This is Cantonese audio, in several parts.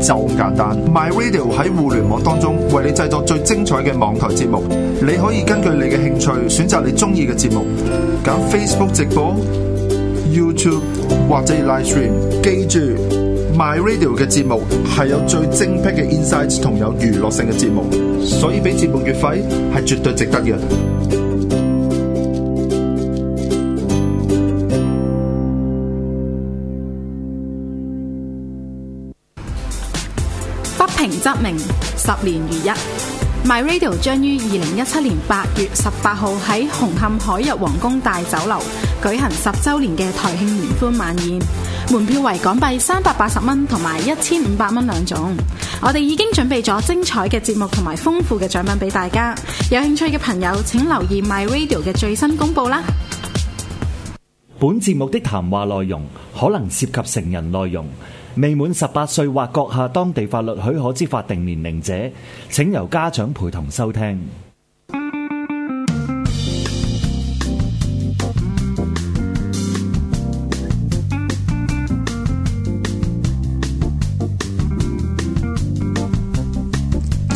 就咁簡單，My Radio 喺互聯網當中為你製作最精彩嘅網台節目，你可以根據你嘅興趣選擇你中意嘅節目，揀 Facebook 直播、YouTube 或者 Live Stream。記住，My Radio 嘅節目係有最精辟嘅 insights 同有娛樂性嘅節目，所以俾節目月費係絕對值得嘅。則名十年如一，MyRadio 將於二零一七年八月十八號喺紅磡海逸皇宮大酒樓舉行十周年嘅台慶年歡晚宴，門票為港幣三百八十蚊同埋一千五百蚊兩種。我哋已經準備咗精彩嘅節目同埋豐富嘅獎品俾大家，有興趣嘅朋友請留意 MyRadio 嘅最新公布啦。本節目的談話內容可能涉及成人內容。未滿十八歲或閣下當地法律許可之法定年齡者，請由家長陪同收聽。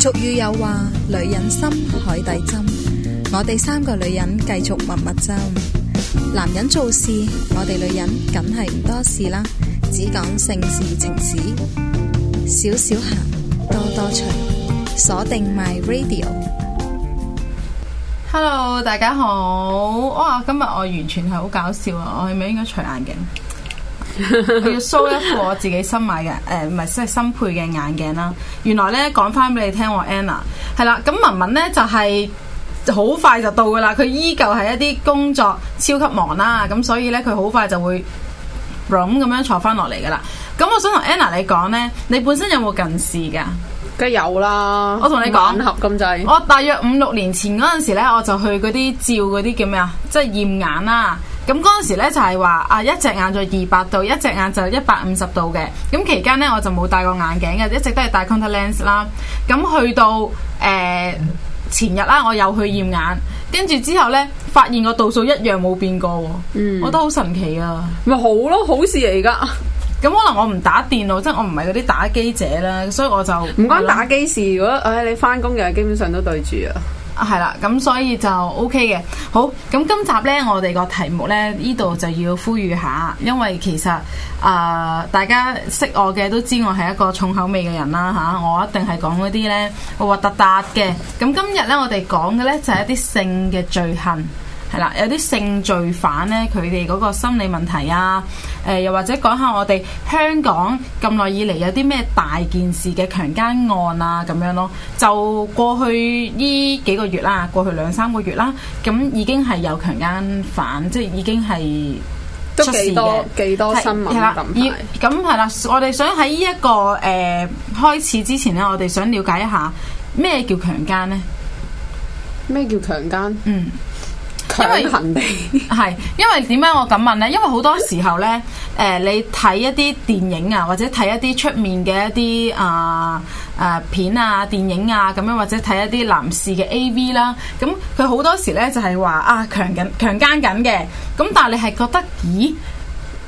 俗語有話：女人心，海底針。我哋三個女人繼續密密針。男人做事，我哋女人梗係唔多事啦。只講性事情史，少少行，多多除，鎖定 MyRadio。Hello，大家好。哇，今日我完全係好搞笑啊！我係咪應該除眼鏡？ 我要 show 一副我自己新買嘅，誒、呃，唔係即係新配嘅眼鏡啦。原來咧，講翻俾你聽，我 Anna 係啦。咁文文咧就係、是、好快就到噶啦。佢依舊係一啲工作超級忙啦，咁所以咧佢好快就會。咁樣坐翻落嚟㗎啦。咁我想同 Anna 你講呢，你本身有冇近視㗎？梗係有啦。我同你講，眼盒咁滯。咁我大約五六年前嗰陣時咧，我就去嗰啲照嗰啲叫咩啊，即係驗眼啦。咁嗰陣時咧就係話啊，一隻眼就二百度，一隻眼就一百五十度嘅。咁期間呢，我就冇戴過眼鏡嘅，一直都係戴 contact lens 啦。咁去到誒，呃嗯前日啦，我又去驗眼，跟住之後呢，發現個度數一樣冇變過，嗯、我覺得好神奇啊！咪好咯，好事嚟噶。咁 可能我唔打電腦，即係我唔係嗰啲打機者啦，所以我就唔關打機事。呢如果唉，你返工嘅，基本上都對住啊。係啦，咁所以就 OK 嘅。好，咁今集呢，我哋個題目呢，呢度就要呼籲下，因為其實誒，大家識我嘅都知我係一個重口味嘅人啦，吓，我一定係講嗰啲呢，我核核突突嘅。咁今日呢，我哋講嘅呢，就係一啲性嘅罪行。係啦，有啲性罪犯咧，佢哋嗰個心理問題啊，誒、呃、又或者講下我哋香港咁耐以嚟有啲咩大件事嘅強姦案啊咁樣咯，就過去呢幾個月啦，過去兩三個月啦，咁、嗯、已經係有強姦犯，即係已經係出事都多，幾多新聞咁，咁係啦，我哋想喺呢一個誒、呃、開始之前呢，我哋想了解一下咩叫強姦呢？咩叫強姦？嗯。因為係，因為點解我咁問呢？因為好多時候呢，誒、呃，你睇一啲電影、呃啊啊、電影啊，或者睇一啲出面嘅一啲啊啊片啊、電影、就是、啊咁樣，或者睇一啲男士嘅 A. V. 啦，咁佢好多時呢就係話啊強緊強姦緊嘅，咁但係你係覺得咦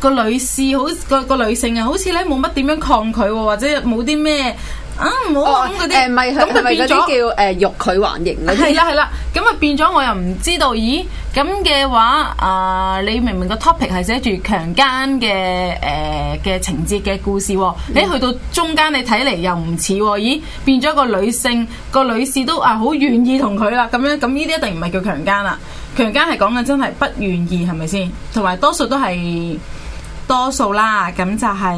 個女士好個個女性啊，好似呢冇乜點樣抗拒喎，或者冇啲咩。啊，唔好咁嗰啲，咁咪變咗叫誒欲拒還迎嗰啲。係啦係啦，咁啊變咗我又唔知道，咦？咁嘅話啊、呃，你明明個 topic 係寫住強姦嘅誒嘅、呃、情節嘅故事，你去到中間你睇嚟，又唔似，咦？變咗個女性個女士都啊好願意同佢啦，咁樣咁呢啲一定唔係叫強姦啦，強姦係講緊真係不願意係咪先？同埋多數都係。多數啦，咁就係、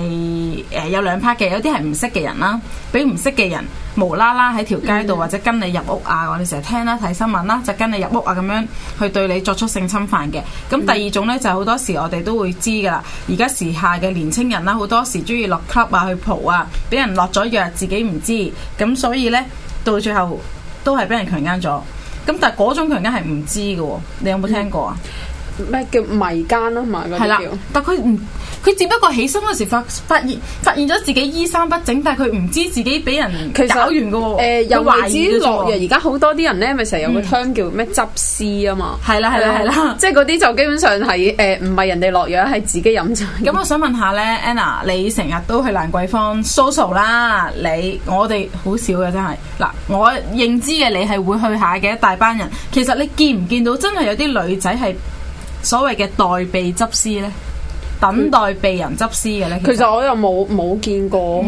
是、誒、呃、有兩 part 嘅，有啲係唔識嘅人啦，俾唔識嘅人無啦啦喺條街度或者跟你入屋啊，我哋成日聽啦睇新聞啦，就跟你入屋啊咁樣去對你作出性侵犯嘅。咁第二種呢，就好、是、多時我哋都會知噶啦。而家時下嘅年青人啦，好多時鍾意落 club 啊去蒲啊，俾人落咗藥自己唔知，咁所以呢，到最後都係俾人強姦咗。咁但係嗰種強姦係唔知嘅喎，你有冇聽過啊？嗯咩叫迷姦咯？嘛嗰啲叫，但佢唔佢只不過起身嗰時候發發現發現咗自己衣衫不整，但係佢唔知自己俾人搞完噶喎。誒、呃、又未懷知落藥，而家好多啲人咧咪成日有個湯叫咩執屍啊嘛。係啦、嗯，係啦、嗯，係啦，即係嗰啲就基本上係誒，唔係人哋落藥，係自己飲茶。咁我想問下咧，Anna，你成日都去蘭桂坊 social 啦，你我哋好少嘅真係嗱，我認知嘅你係會去下嘅一大班人。其實你見唔見到真係有啲女仔係？所謂嘅待被執屍呢，等待被人執屍嘅呢，其實,其實我又冇冇見過喎。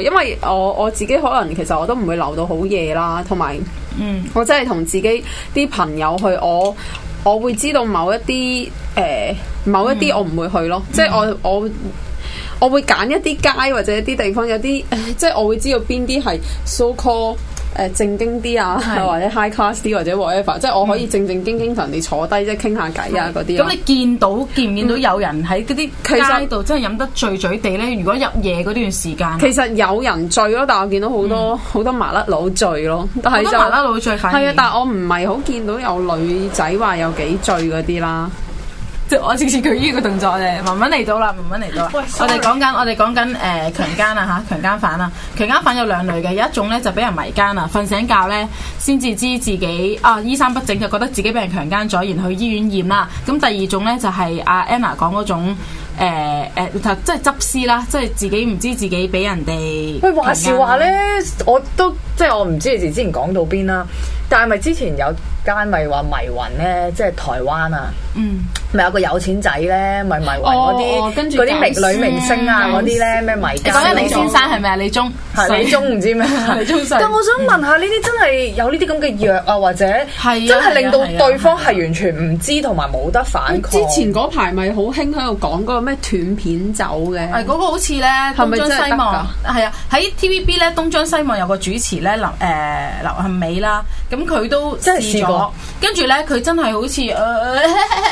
嗯、因為我我自己可能其實我都唔會留到好夜啦，同埋，嗯，我真係同自己啲朋友去，我我會知道某一啲誒、呃、某一啲我唔會去咯，嗯、即係我我我會揀一啲街或者一啲地方，有啲即係我會知道邊啲係 so call。誒正經啲啊，是或者 high class 啲，或者 whatever、嗯、即係我可以正正經經同人哋坐低即係傾下偈啊嗰啲。咁、嗯、些你見到見唔見到有人喺啲街度真係飲得醉醉地咧？實如果入夜嗰段時間，其實有人醉咯，但係我見到好多好、嗯、多麻甩佬醉咯，好多麻甩佬醉係。係啊，但係我唔係好見到有女仔話有幾醉嗰啲啦。即係我先先舉呢個動作咧，慢慢嚟到啦，慢慢嚟到啦 Sorry.。我哋講緊，我哋講緊誒強姦啊吓，強姦犯啊，強姦犯有兩類嘅，有一種咧就俾人迷姦啦、啊，瞓醒覺咧先至知自己啊衣衫不整，就覺得自己俾人強姦咗，然後去醫院驗啦、啊。咁第二種咧就係、是、阿、啊、Anna 講嗰種誒誒、呃呃，即係執屍啦，即係自己唔知自己俾人哋、啊。喂，話時話咧，我都即係我唔知你哋之前講到邊啦。但係咪之前有間咪話迷魂咧，即係台灣啊？嗯，咪有個有錢仔咧，咪咪為嗰啲跟住嗰啲女明星啊嗰啲咧咩迷姦？你講緊李先生係咪啊？李宗，李宗唔知咩？ 李宗瑞。咁我想問下呢啲、嗯、真係有呢啲咁嘅藥啊？或者真係令到對方係完全唔知同埋冇得反抗。嗯、之前嗰排咪好興喺度講嗰個咩斷片酒嘅？係嗰個好似咧東張西望係啊，喺 TVB 咧東張西望有個主持咧劉誒劉杏美啦。咁佢都試咗，試過跟住咧佢真係好似誒。呃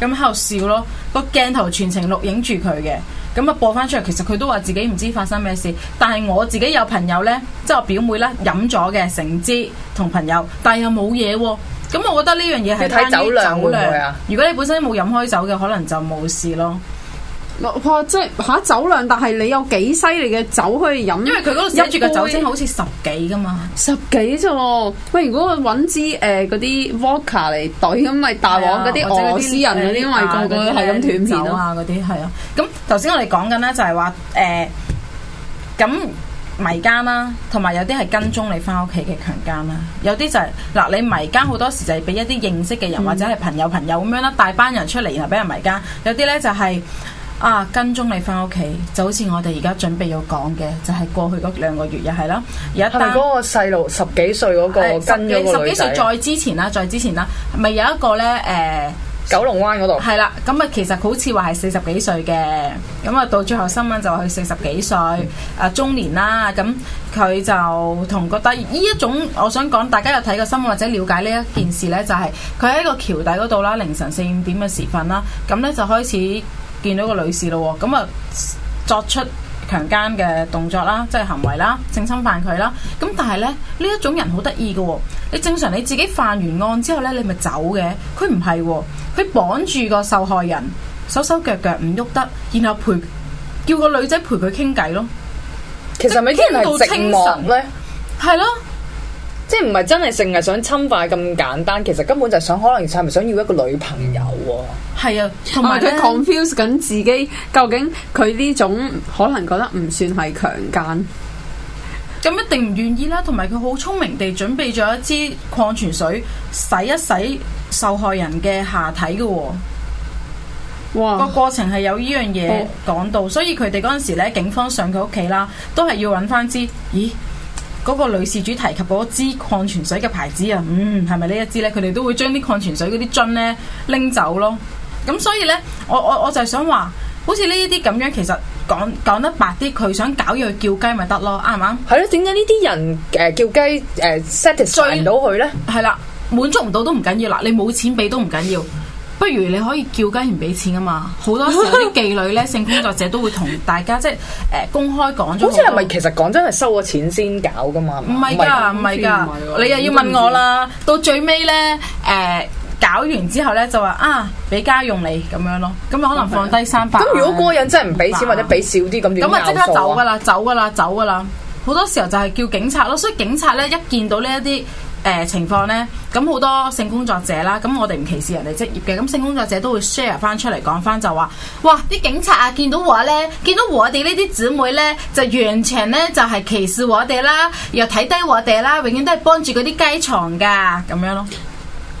咁喺度笑咯，個鏡頭全程錄影住佢嘅，咁啊播翻出嚟，其實佢都話自己唔知發生咩事，但係我自己有朋友呢，即係我表妹呢，飲咗嘅成支，同朋友，但係又冇嘢喎，咁我覺得呢樣嘢係睇酒量，酒量會唔會啊，如果你本身冇飲開酒嘅，可能就冇事咯。哇！即係嚇酒量，但係你有幾犀利嘅酒可以飲？因為佢嗰度執住個酒精好似十幾噶嘛。十幾啫喎！喂，如果佢揾支誒嗰啲 vodka 嚟兌，咁、呃、咪的大王嗰啲俄羅斯人嗰啲咪個個係咁斷片啊。嗰啲係啊。咁頭先我哋講緊咧，就係話誒咁迷奸啦，同埋有啲係跟蹤你翻屋企嘅強奸啦。有啲就係、是、嗱、呃，你迷奸好多時就係俾一啲認識嘅人、嗯、或者係朋友朋友咁樣啦，帶班人出嚟然後俾人迷奸。有啲咧就係、是。啊，跟蹤你翻屋企，就好似我哋而家準備要講嘅，就係、是、過去嗰兩個月又係啦。而一單係嗰個細路十幾歲嗰、那個、啊、十幾歲再之前啦，再之前啦，咪有一個呢，誒、呃，九龍灣嗰度係啦。咁啊，其實好似話係四十幾歲嘅，咁啊到最後新聞就話四十幾歲啊中年啦。咁佢就同覺得呢一種，我想講大家有睇過新聞或者了解呢一件事呢，就係佢喺一個橋底嗰度啦，凌晨四五點嘅時分啦，咁呢就開始。見到個女士咯，咁啊作出強姦嘅動作啦，即係行為啦，性侵犯佢啦。咁但係咧，呢一種人好得意嘅喎。你正常你自己犯完案之後咧，你咪走嘅。佢唔係，佢綁住個受害人，手手腳腳唔喐得，然後陪叫個女仔陪佢傾偈咯。其實咪傾到清晨咧，係咯。即係唔係真係成日想侵犯咁簡單，其實根本就想，可能係咪想要一個女朋友？係啊，同埋佢、啊、confuse 緊自己，啊、究竟佢呢種可能覺得唔算係強姦？咁一定唔願意啦。同埋佢好聰明地準備咗一支礦泉水，洗一洗受害人嘅下體嘅。哇！個過程係有呢樣嘢講到，我所以佢哋嗰陣時咧，警方上佢屋企啦，都係要揾翻支？咦？嗰個女事主提及嗰支礦泉水嘅牌子啊，嗯，係咪呢一支咧？佢哋都會將啲礦泉水嗰啲樽咧拎走咯。咁所以咧，我我我就係想話，好似呢一啲咁樣，其實講講得白啲，佢想搞嘢叫雞咪得咯，係嘛吧？係咯，點解呢啲人誒叫雞誒 satisfy 唔到佢咧？係、呃、啦最，滿足唔到都唔緊要啦，你冇錢俾都唔緊要。不如你可以叫雞唔俾錢啊嘛！好多時候啲妓女咧， 性工作者都會同大家即係誒公開講咗。好似係咪其實講真係收咗錢先搞噶嘛？唔係㗎，唔係㗎，你又要問我啦。到最尾咧誒，搞完之後咧就話啊，俾家用你咁樣咯。咁又可能放低三百。咁如果嗰個人真係唔俾錢元或者俾少啲咁，咁啊即刻走㗎啦，走㗎啦，走㗎啦。好多時候就係叫警察咯，所以警察咧一見到呢一啲。誒、呃、情況呢，咁、嗯、好多性工作者啦，咁、嗯、我哋唔歧視人哋職業嘅，咁、嗯、性工作者都會 share 翻出嚟講翻，就話哇啲警察啊，見到我呢，見到我哋呢啲姊妹呢，就完全呢，就係歧視我哋啦，又睇低我哋啦，永遠都係幫住嗰啲雞床噶，咁樣咯。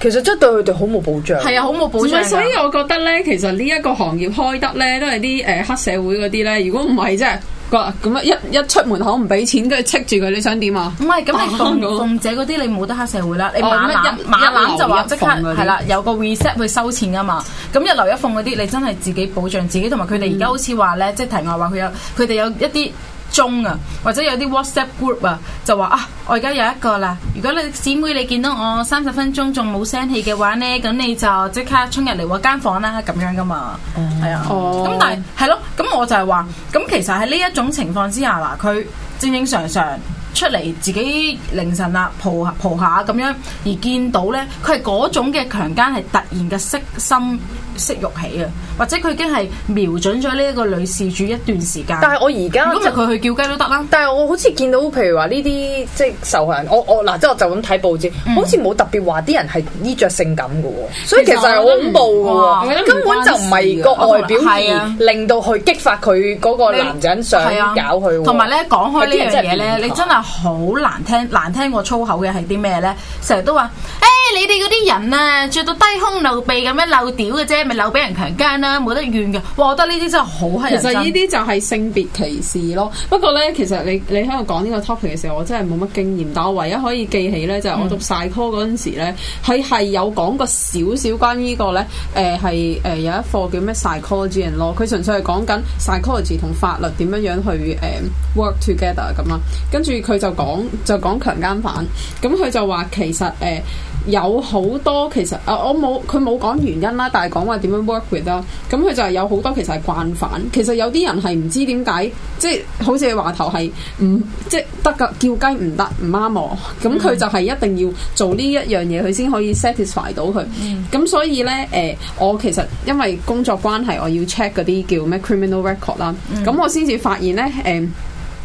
其實真係對佢哋好冇保障，係啊，好冇保障。所以我覺得呢，其實呢一個行業開得呢，都係啲誒黑社會嗰啲呢，如果唔係，即係。咁啊！樣一一出門口唔俾錢，跟住黐住佢，你想點啊？唔係、嗯，咁你鳳鳳姐嗰啲你冇得黑社會啦。你馬冷馬冷就話即刻係啦，有個 reset 去收錢㗎嘛。咁一樓一鳳嗰啲，你真係自己保障自己，同埋佢哋而家好似話咧，嗯、即係題外話佢有佢哋有一啲。中啊，或者有啲 WhatsApp group 啊，就話啊，我而家有一個啦，如果你姊妹你見到我三十分鐘仲冇聲氣嘅話呢，咁你就即刻衝入嚟我間房啦，咁樣噶嘛，係啊，咁但係係咯，咁我就係話，咁其實喺呢一種情況之下嗱，佢正正常常出嚟自己凌晨啊，蒲蒲下咁樣，而見到呢，佢係嗰種嘅強姦係突然嘅色心。識玉起啊，或者佢已經係瞄準咗呢一個女事主一段時間。但係我而家，如果佢去叫雞都得啦。但係我好似見到，譬如話呢啲即係受害人，我我嗱，即係我就咁睇報紙，嗯、好似冇特別話啲人係衣着性感嘅喎。嗯、所以其實係好恐怖嘅，哦、根本就唔係個外表而令到佢激發佢嗰個男人想搞佢。同埋咧，講、啊、講開呢樣嘢咧，真你真係好難聽，難聽過粗口嘅係啲咩咧？成日都話誒。Hey 你哋嗰啲人啊，着到低胸露鼻咁樣漏屌嘅啫，咪漏俾人強奸啦，冇得怨嘅。我覺得呢啲真係好乞人憎。其實呢啲就係性別歧視咯。不過咧，其實你你喺度講呢個 topic 嘅時候，我真係冇乜經驗。但我唯一可以記起咧，就係、是、我讀晒 s c h o l 嗰陣時咧，佢係有講過少少關於呢個咧，誒係誒有一課叫咩 psychology 咯。佢純粹係講緊 psychology 同法律點樣樣去誒、嗯、work together 咁啦。跟住佢就講就講強奸犯，咁、嗯、佢、嗯、就話其實誒。呃有好多其實啊、呃，我冇佢冇講原因啦，但係講話點樣 work with 啦、嗯。咁佢就係有好多其實係慣犯。其實有啲人係唔知點解，即係好似話頭係唔即係得㗎叫雞唔得唔啱我。咁、嗯、佢、嗯、就係一定要做呢一樣嘢，佢先可以 satisfy 到佢。咁、嗯、所以呢，誒、呃，我其實因為工作關係，我要 check 嗰啲叫咩 criminal record 啦、嗯。咁我先至發現呢。誒、呃。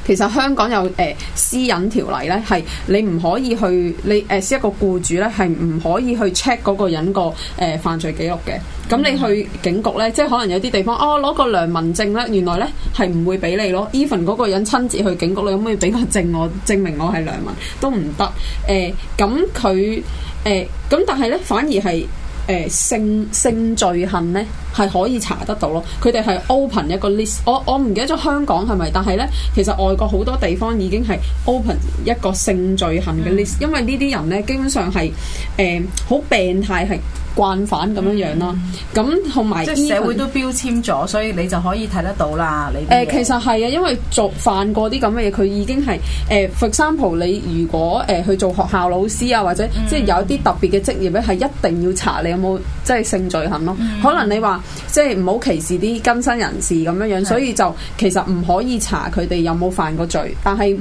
其實香港有誒、呃、私隱條例咧，係你唔可以去你誒，呃、一個僱主咧係唔可以去 check 嗰個人個誒、呃、犯罪記錄嘅。咁你去警局咧，即係可能有啲地方哦，攞個良民證咧，原來咧係唔會俾你咯。Even 嗰個人親自去警局，你有冇要俾個證我證明我係良民都唔得。誒咁佢誒咁，呃、但係咧反而係。誒性性罪行咧係可以查得到咯，佢哋係 open 一個 list，我我唔記得咗香港係咪？但係咧其實外國好多地方已經係 open 一個性罪行嘅 list，因為呢啲人咧基本上係誒好病態係。慣犯咁樣樣咯，咁同埋即係社會都標籤咗，所以你就可以睇得到啦。你誒、呃、其實係啊，因為做犯過啲咁嘅嘢，佢已經係誒 for example。呃、example, 你如果誒、呃、去做學校老師啊，或者、嗯、即係有一啲特別嘅職業咧，係一定要查你有冇即係性罪行咯。嗯、可能你話即係唔好歧視啲更生人士咁樣樣，所以就其實唔可以查佢哋有冇犯過罪，但係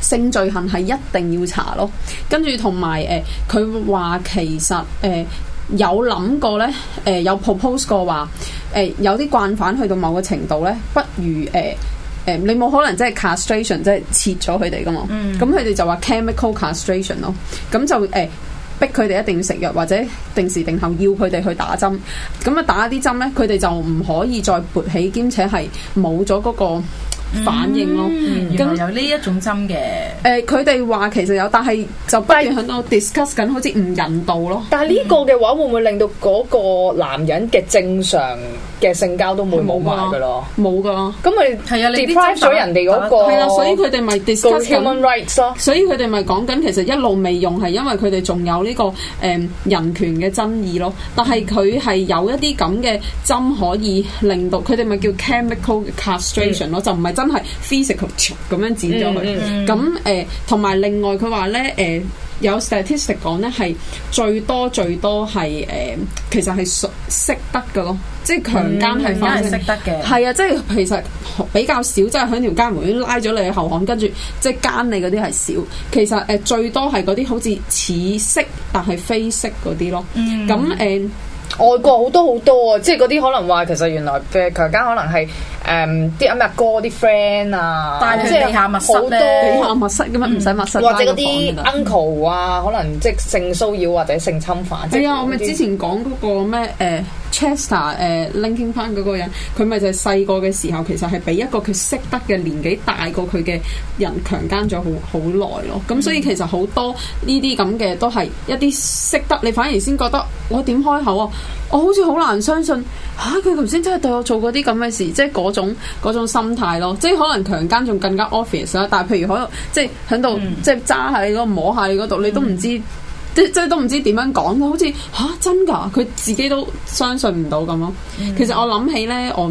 性罪行係一定要查咯。跟住同埋誒，佢、呃、話其實誒。呃呃有諗過呢，誒、呃、有 propose 過話誒、呃、有啲慣犯去到某個程度呢，不如誒誒、呃呃、你冇可能即係 castration，即係切咗佢哋噶嘛？咁佢哋就話 chemical castration 咯。咁就誒、呃、逼佢哋一定要食藥，或者定時定候要佢哋去打針。咁啊打啲針呢，佢哋就唔可以再勃起，兼且係冇咗嗰個。反應咯，咁、嗯、有呢一種針嘅。誒，佢哋話其實有，但係就不斷喺度 discuss 緊，好似唔人道咯。但係呢個嘅話，嗯、會唔會令到嗰個男人嘅正常嘅性交都會冇埋嘅咯？冇㗎。咁咪係啊？啊他你 deprive 咗人哋嗰個係啦，所以佢哋咪 discuss 緊。human 所以佢哋咪講緊，其實一路未用係因為佢哋仲有呢、呢個誒、嗯、人權嘅爭議咯。但係佢係有一啲咁嘅針可以令到佢哋咪叫 chemical castration 咯，就唔係真係 physical 咁樣剪咗佢，咁誒同埋另外佢話咧誒有 statistic 講咧係最多最多係誒、呃、其實係熟識得嘅咯，即係強姦係反識得嘅。係啊，即係其實比較少，即係喺條街門拉咗你去後巷，跟住即係奸你嗰啲係少，其實誒、呃、最多係嗰啲好似似識但係非識嗰啲咯，咁誒。外國好多好多啊，即係嗰啲可能話其實原來嘅強姦可能係誒啲阿咩哥啲 friend 啊，即係好多地下密室嘅咩多，唔使密室、嗯、密室或者嗰啲 uncle 啊，嗯、可能即係性騷擾或者性侵犯。係、嗯、啊，我咪之前講嗰個咩誒？呃 Chester 誒、uh, linking 翻嗰個人，佢咪就係細個嘅時候，其實係俾一個佢識得嘅年紀大過佢嘅人強姦咗好好耐咯。咁所以其實好多呢啲咁嘅都係一啲識得，你反而先覺得我點開口啊？我好似好難相信吓佢頭先真係對我做過啲咁嘅事，即係嗰種嗰種心態咯。即係可能強姦仲更加 offence 啦。但係譬如可能即係響度即係揸喺度，摸下你度，你都唔知。嗯嗯。即即都唔知點樣講，好似嚇真㗎，佢自己都相信唔到咁咯。其實我諗起呢，我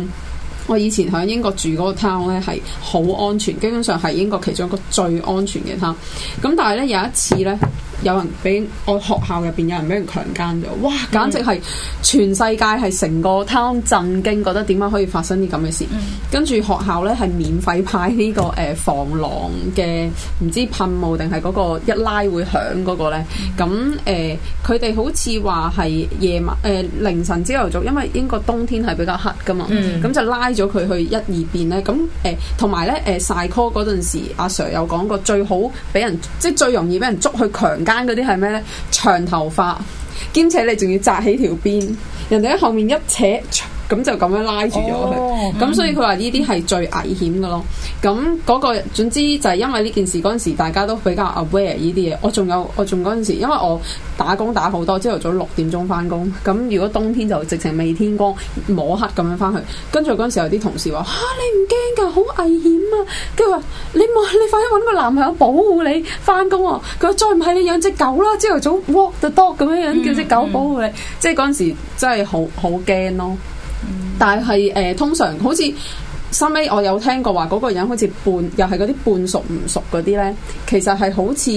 我以前喺英國住嗰個 town 咧，係好安全，基本上係英國其中一個最安全嘅 town。咁但係呢，有一次呢。有人俾我學校入邊有人俾人強奸咗，哇！簡直係全世界係成個 town 震驚，覺得點解可以發生啲咁嘅事？ 跟住學校咧係免費派呢、呢個誒防、呃、狼嘅唔知噴霧定係個一拉會響個個咧。咁誒佢哋好似話係夜晚誒、呃、凌晨朝頭早，因為英國冬天係比較黑噶嘛，咁 就拉咗佢去一二邊咧。咁誒同埋咧誒晒 call 嗰陣時，阿 sir 有講過最好俾人即係最容易俾人捉去強奸。 嗰啲係咩咧？長頭髮兼且你仲要紮起條辮，人哋喺後面一扯。咁就咁樣拉住咗佢，咁、oh, um. 所以佢話呢啲係最危險嘅咯。咁嗰個，總之就係因為呢件事嗰陣時，大家都比較 aware 呢啲嘢。我仲有，我仲嗰陣時，因為我打工打好多，朝頭早六點鐘翻工。咁如果冬天就直情未天光摸黑咁樣翻去，跟住嗰陣時有啲同事話吓你唔驚噶，好危險啊！跟住話你冇、啊、你，你，你，快啲搵個男朋友保護你翻工啊！佢話再唔係你養隻狗啦，朝頭早 walk the dog 咁樣樣，叫隻狗保護你。Mm, mm. 即係嗰陣時真係好好驚咯。但係誒、呃，通常好似收尾，我有聽過話嗰個人好似半又係嗰啲半熟唔熟嗰啲呢，其實係好似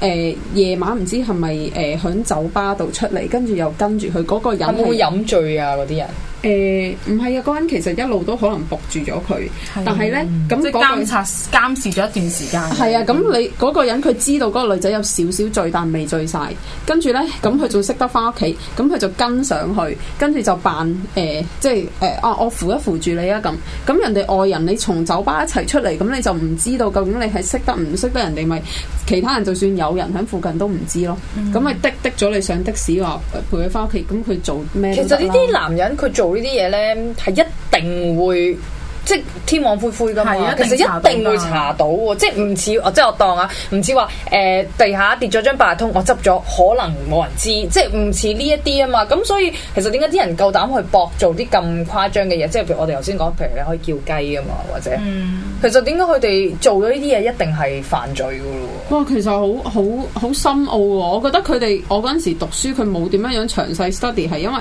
誒夜晚唔知係咪誒響酒吧度出嚟，跟住又跟住佢嗰個人係冇飲醉啊啲人。誒，唔係啊，嗰人其實一路都可能伏住咗佢，的但係呢，咁即係監察監視咗一段時間。係啊，咁你嗰、嗯、個人佢知道嗰個女仔有少少醉，但未醉晒。跟住呢，咁佢仲識得翻屋企，咁佢就跟上去，跟住就扮誒、呃，即係誒，我、呃啊、我扶一扶住你啊，咁咁人哋外人，你從酒吧一齊出嚟，咁你就唔知道究竟你係識得唔識得人哋咪？其他人就算有人喺附近都唔知咯。咁咪滴滴咗你上的士喎，陪佢翻屋企，咁佢做咩？其實呢啲男人佢做。呢啲嘢呢，係一定會即係天網恢恢噶嘛，定定其實一定會查到，即係唔似即係我當啊，唔似話誒地下跌咗張八達通，我執咗可能冇人知，即係唔似呢一啲啊嘛。咁所以其實點解啲人夠膽去搏做啲咁誇張嘅嘢？即係譬如我哋頭先講，譬如你可以叫雞啊嘛，或者，嗯、其實點解佢哋做咗呢啲嘢一定係犯罪噶咯？哇，其實好好好深奧啊！我覺得佢哋我嗰陣時讀書佢冇點樣樣詳細 study 係因為。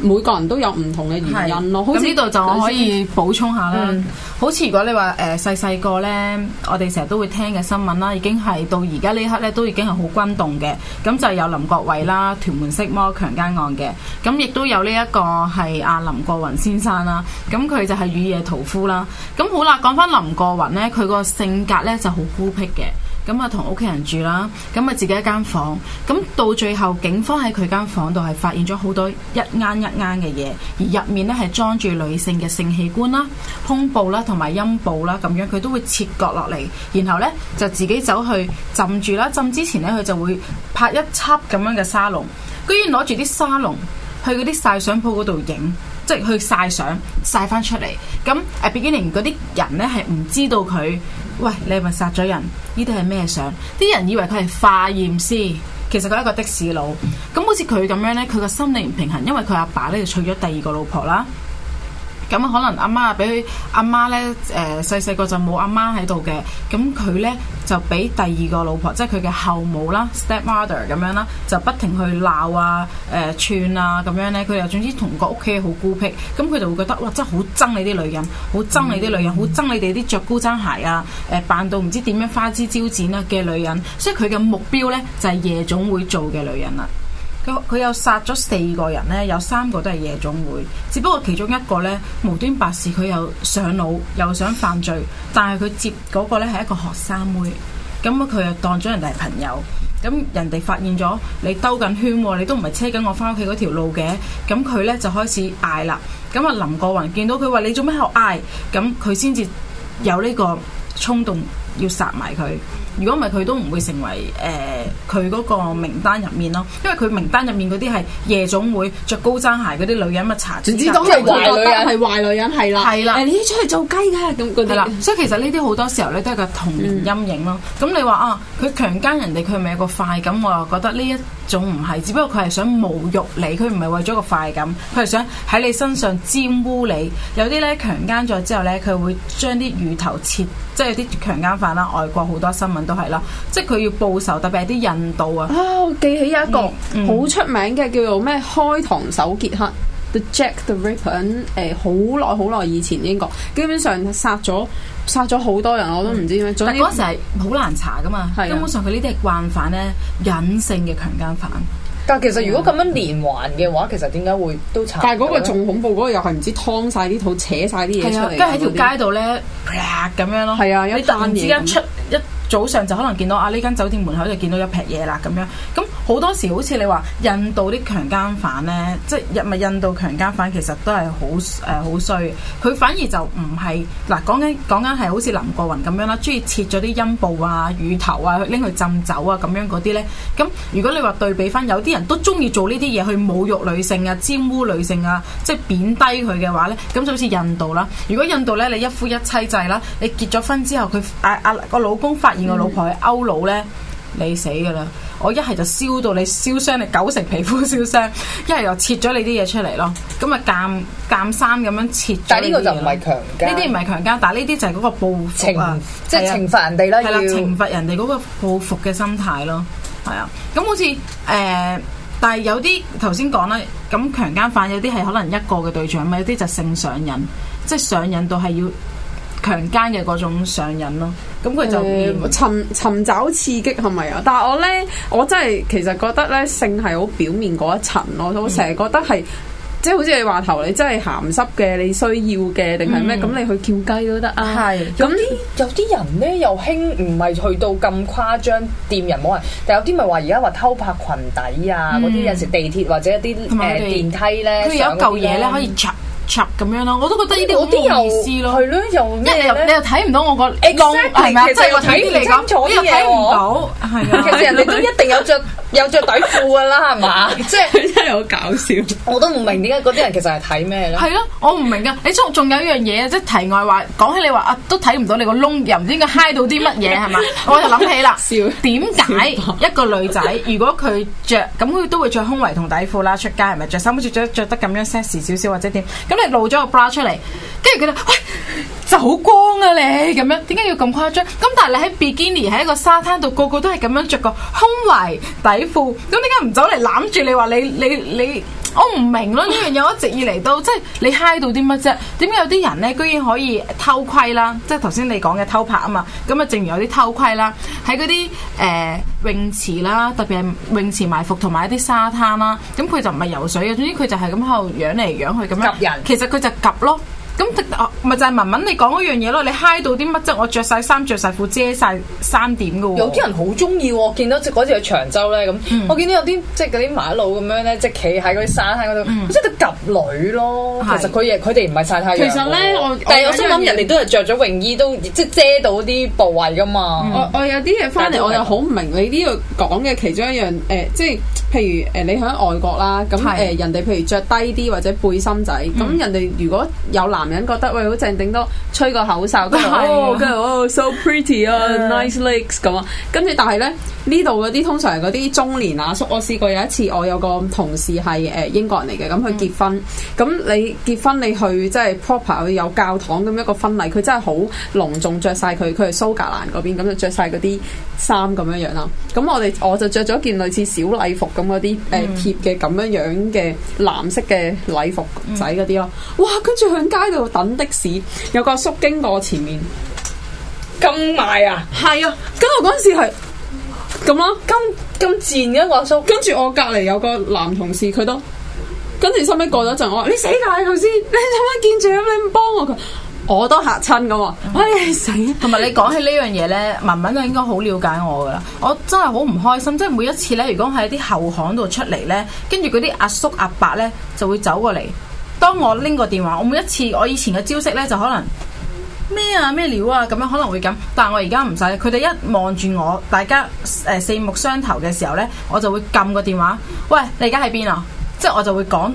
每個人都有唔同嘅原因咯，咁呢度就我可以補充下啦。嗯、好似如果你話誒細細個呢，我哋成日都會聽嘅新聞啦，已經係到而家呢刻呢，都已經係好轟動嘅。咁就有林國偉啦，屯門色魔強姦案嘅，咁亦都有呢一個係阿林國雲先生啦。咁佢就係雨夜屠夫啦。咁好啦，講翻林國雲呢，佢個性格呢就好孤僻嘅。咁啊，同屋企人住啦，咁啊自己一間房。咁到最後，警方喺佢間房度係發現咗好多一啱一啱嘅嘢，而入面咧係裝住女性嘅性器官啦、胸部啦同埋陰部啦咁樣，佢都會切割落嚟，然後咧就自己走去浸住啦。浸之前咧，佢就會拍一輯咁樣嘅沙龍，居然攞住啲沙龍去嗰啲晒相鋪嗰度影，即係去晒相晒翻出嚟。咁誒，比堅尼嗰啲人咧係唔知道佢。喂，你係咪殺咗人？呢啲係咩相？啲人以為佢係化驗師，其實佢係一個的士佬。咁好似佢咁樣呢，佢個心理唔平衡，因為佢阿爸呢就娶咗第二個老婆啦。咁可能阿媽啊俾佢阿媽咧，誒細細個就冇阿媽喺度嘅，咁佢咧就俾第二個老婆，即係佢嘅後母啦，stepmother 咁樣啦，Mother，就不停去鬧啊、誒、呃、串啊咁樣咧，佢又總之同個屋企好孤僻，咁佢就會覺得哇，真係好憎你啲女人，好憎你啲女人，好憎、嗯、你哋啲着高踭鞋啊、誒、呃、扮到唔知點樣花枝招展啊嘅女人，所以佢嘅目標咧就係、是、夜總會做嘅女人啦。佢又殺咗四個人呢，有三個都係夜總會，只不過其中一個呢無端白事，佢又上腦又想犯罪，但係佢接嗰個呢係一個學生妹，咁佢又當咗人哋係朋友，咁人哋發現咗你兜緊圈，你都唔係車緊我翻屋企嗰條路嘅，咁佢呢就開始嗌啦，咁啊林過雲見到佢話你做咩喺度嗌？咁佢先至有呢個衝動要殺埋佢。如果唔係佢都唔會成為誒佢嗰個名單入面咯，因為佢名單入面嗰啲係夜總會着高踭鞋嗰啲女人咪查，總之都係壞女人係壞女人係啦，係啦的，誒你出去做雞㗎咁嗰啲，係啦，所以其實呢啲好多時候咧都係個童年陰影咯。咁、嗯、你話啊，佢強姦人哋佢咪有個快感喎？我又覺得呢一種唔係，只不過佢係想侮辱你，佢唔係為咗個快感，佢係想喺你身上沾污你。有啲咧強姦咗之後咧，佢會將啲乳頭切，即係啲強姦犯啦，外國好多新聞。都係啦，即係佢要報仇，特別係啲印度啊。啊，我記起有一個好出名嘅叫做咩開膛手傑克，The Jack the Ripper。好耐好耐以前英國基本上殺咗殺咗好多人，我都唔知點解。但係嗰時係好難查噶嘛，根本上佢呢啲係慣犯咧，隱性嘅強姦犯。但係其實如果咁樣連環嘅話，其實點解會都查？但係嗰個仲恐怖，嗰個又係唔知劏曬啲肚，扯晒啲嘢出嚟，跟住喺條街度咧，啪咁樣咯。係啊，你突然之間出一早上就可能見到啊，呢間酒店門口就見到一撇嘢啦，咁樣。咁、嗯。好多時好似你話印度啲強奸犯呢，即係咪印度強奸犯其實都係好誒好衰，佢反而就唔係嗱，講緊講緊係好似林國雲咁樣啦，中意切咗啲陰部啊、乳頭啊，拎去浸酒啊咁樣嗰啲呢。咁如果你話對比翻，有啲人都中意做呢啲嘢去侮辱女性啊、沾污女性啊，即係貶低佢嘅話呢。咁就好似印度啦。如果印度呢，你一夫一妻制啦，你結咗婚之後，佢阿阿個老公發現個老婆去勾佬呢，你死㗎啦！我一係就燒到你燒傷，你九成皮膚燒傷；一係又切咗你啲嘢出嚟咯。咁啊，鑑鑑衫咁樣切。但係呢個就唔係強姦，呢啲唔係強姦，但係呢啲就係嗰個報復啊，即係懲罰人哋咯。係啦，懲罰人哋嗰個報復嘅心態咯。係啊，咁好似誒、呃，但係有啲頭先講啦，咁強姦犯有啲係可能一個嘅對象，咪有啲就性上癮，即係上癮到係要。強姦嘅嗰種上癮咯，咁佢就尋尋、呃、找刺激係咪啊？但係我咧，我真係其實覺得咧，性係好表面嗰一層咯，我成日覺得係，嗯、即係好似你話頭，你真係咸濕嘅，你需要嘅定係咩？咁、嗯、你去叫雞都得啊。係咁是，樣有啲人咧又興，唔係去到咁誇張，掂人冇人，但有啲咪話而家話偷拍裙底啊，嗰啲，嗯、有時地鐵或者一啲誒、嗯呃、電梯咧，佢有一嚿嘢咧可以。插咁樣咯，我都覺得依啲好冇意思咯，係咯，又一入你又睇唔到我個窿係咪啊？即係我睇唔清楚啲嘢，睇唔到，係啊！其實人哋都一定有著有著底褲噶啦，係嘛？即係佢真係好搞笑，我都唔明點解嗰啲人其實係睇咩咧？係咯，我唔明啊！你仲仲有一樣嘢啊！即係題外話，講起你話啊，都睇唔到你個窿，又唔知佢揩到啲乜嘢係嘛？我就諗起啦，笑點解一個女仔如果佢著咁佢都會著胸圍同底褲啦，出街係咪？著衫好似著著得咁樣 sexy 少少或者點咁？你露咗個 bra 出嚟，跟住佢就喂走光啊你咁樣，點解要咁誇張？咁但係你喺 bikini 喺一個沙灘度，個個都係咁樣着個胸圍底褲，咁點解唔走嚟攬住你話你你你？你你你我唔明咯，呢樣嘢一直以嚟都即係你嗨到啲乜啫？點解有啲人咧居然可以偷窺啦？即係頭先你講嘅偷拍啊嘛，咁啊仲有啲偷窺啦，喺嗰啲誒泳池啦，特別係泳池埋伏同埋一啲沙灘啦，咁佢就唔係游水嘅，總之佢就係咁喺度樣嚟樣樣去咁樣，人其實佢就 𥄫 咯。咁，咪就係文文你講嗰樣嘢咯？你嗨到啲乜啫？我着晒衫、着晒褲、遮晒衫點㗎喎？有啲人好中意喎，見到即嗰次去長洲咧咁，我見到有啲即嗰啲馬路咁樣咧，即企喺嗰啲山喺嗰度，即係夾女咯。其實佢佢哋唔係晒太陽。其實咧，我但係我心諗人哋都係着咗泳衣，都即遮到啲部位噶嘛。我我有啲嘢翻嚟，我又好唔明你呢度講嘅其中一樣誒，即係譬如誒你喺外國啦，咁誒人哋譬如着低啲或者背心仔，咁人哋如果有男。人覺得喂好正，頂多吹個口哨都係，跟住哦 so pretty 啊，nice legs 咁 Yeah. 啊。跟住但係咧呢度嗰啲通常係嗰啲中年阿叔。我試過有一次，我有個同事係誒英國人嚟嘅，咁佢結婚。咁、mm. 你結婚你去即係 proper 有教堂咁一個婚禮，佢真係好隆重，着晒佢，佢係蘇格蘭嗰邊，咁就着晒嗰啲衫咁樣樣啦。咁我哋我就着咗件類似小禮服咁嗰啲誒貼嘅咁樣樣嘅藍色嘅禮服仔嗰啲咯。哇！跟住向街度。要等的士，有個叔，叔經過前面，咁埋啊，係啊，咁我嗰陣時係咁咯，咁咁賤嘅個阿叔，跟住我隔籬有個男同事，佢都跟住收尾過咗一陣，我話、嗯、你死大頭先，你做乜見住啊？嗯哎、有你唔幫我佢，我都吓親咁啊！唉死，同埋你講起呢樣嘢咧，雯雯都應該好了解我噶啦，我真係好唔開心，即係每一次咧，如果喺啲後巷度出嚟咧，跟住嗰啲阿叔阿伯咧就會走過嚟。當我拎個電話，我每一次我以前嘅招式呢，就可能咩啊咩料啊咁樣可能會咁，但係我而家唔使。佢哋一望住我，大家誒、呃、四目相投嘅時候呢，我就會撳個電話。喂，你而家喺邊啊？即係我就會講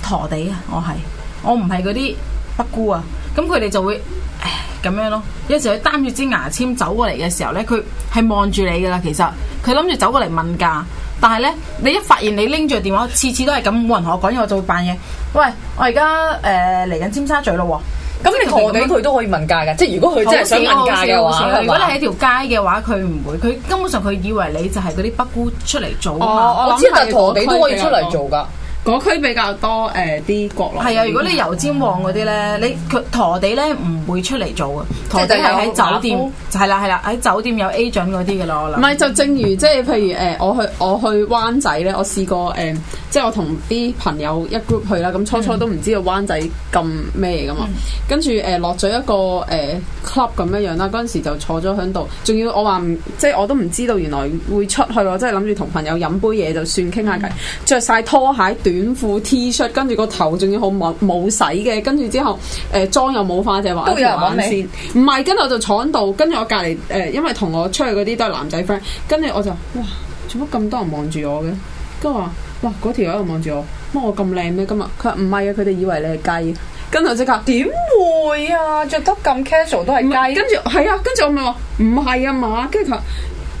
陀地啊！我係我唔係嗰啲北姑啊。咁佢哋就會唉，咁樣咯。有時佢擔住支牙籤走過嚟嘅時候呢，佢係望住你噶啦。其實佢諗住走過嚟問價，但係咧，你一發現你拎住電話，次次都係咁，冇人同我講嘢，我就會扮嘢。喂，我而家誒嚟緊尖沙咀咯喎，咁你陀地佢都可以問價㗎，即係如果佢真係想問價嘅話，吧如果你喺條街嘅話，佢唔會，佢根本上佢以為你就係嗰啲北姑出嚟做㗎！哦哦、我知，但係陀地都可以出嚟做噶。嗰區比較多誒啲角落，係、呃、啊，如果你油尖旺嗰啲咧，你佢陀地咧唔會出嚟做嘅，陀地係喺酒店就係啦，係啦，喺酒店有 agent 嗰啲嘅咯。唔係就正如即係 譬如誒、呃，我去我去灣仔咧，我試過誒、呃，即係我同啲朋友一 group 去啦，咁初初都唔知道灣仔咁咩嘅嘛，嗯、跟住誒落咗一個誒、呃、club 咁樣樣啦，嗰陣時就坐咗喺度，仲要我話即係我都唔知道原來會出去，我即係諗住同朋友飲杯嘢就算傾下偈，着晒拖鞋。短褲 T 恤，跟住個頭仲要好冇冇洗嘅，跟住之後誒妝、欸、又冇化，就話玩玩先。唔係，跟住我就坐喺度，跟住我隔離誒，因為同我出去嗰啲都係男仔 friend，跟住我就哇，做乜咁多人望住我嘅？跟住話哇嗰條友又望住我，乜我咁靚咩今日？佢話唔係啊，佢哋以為你係雞，跟住即刻點會啊，着得咁 casual 都係雞，跟住係啊，跟住我咪話唔係啊，嘛。」跟住佢。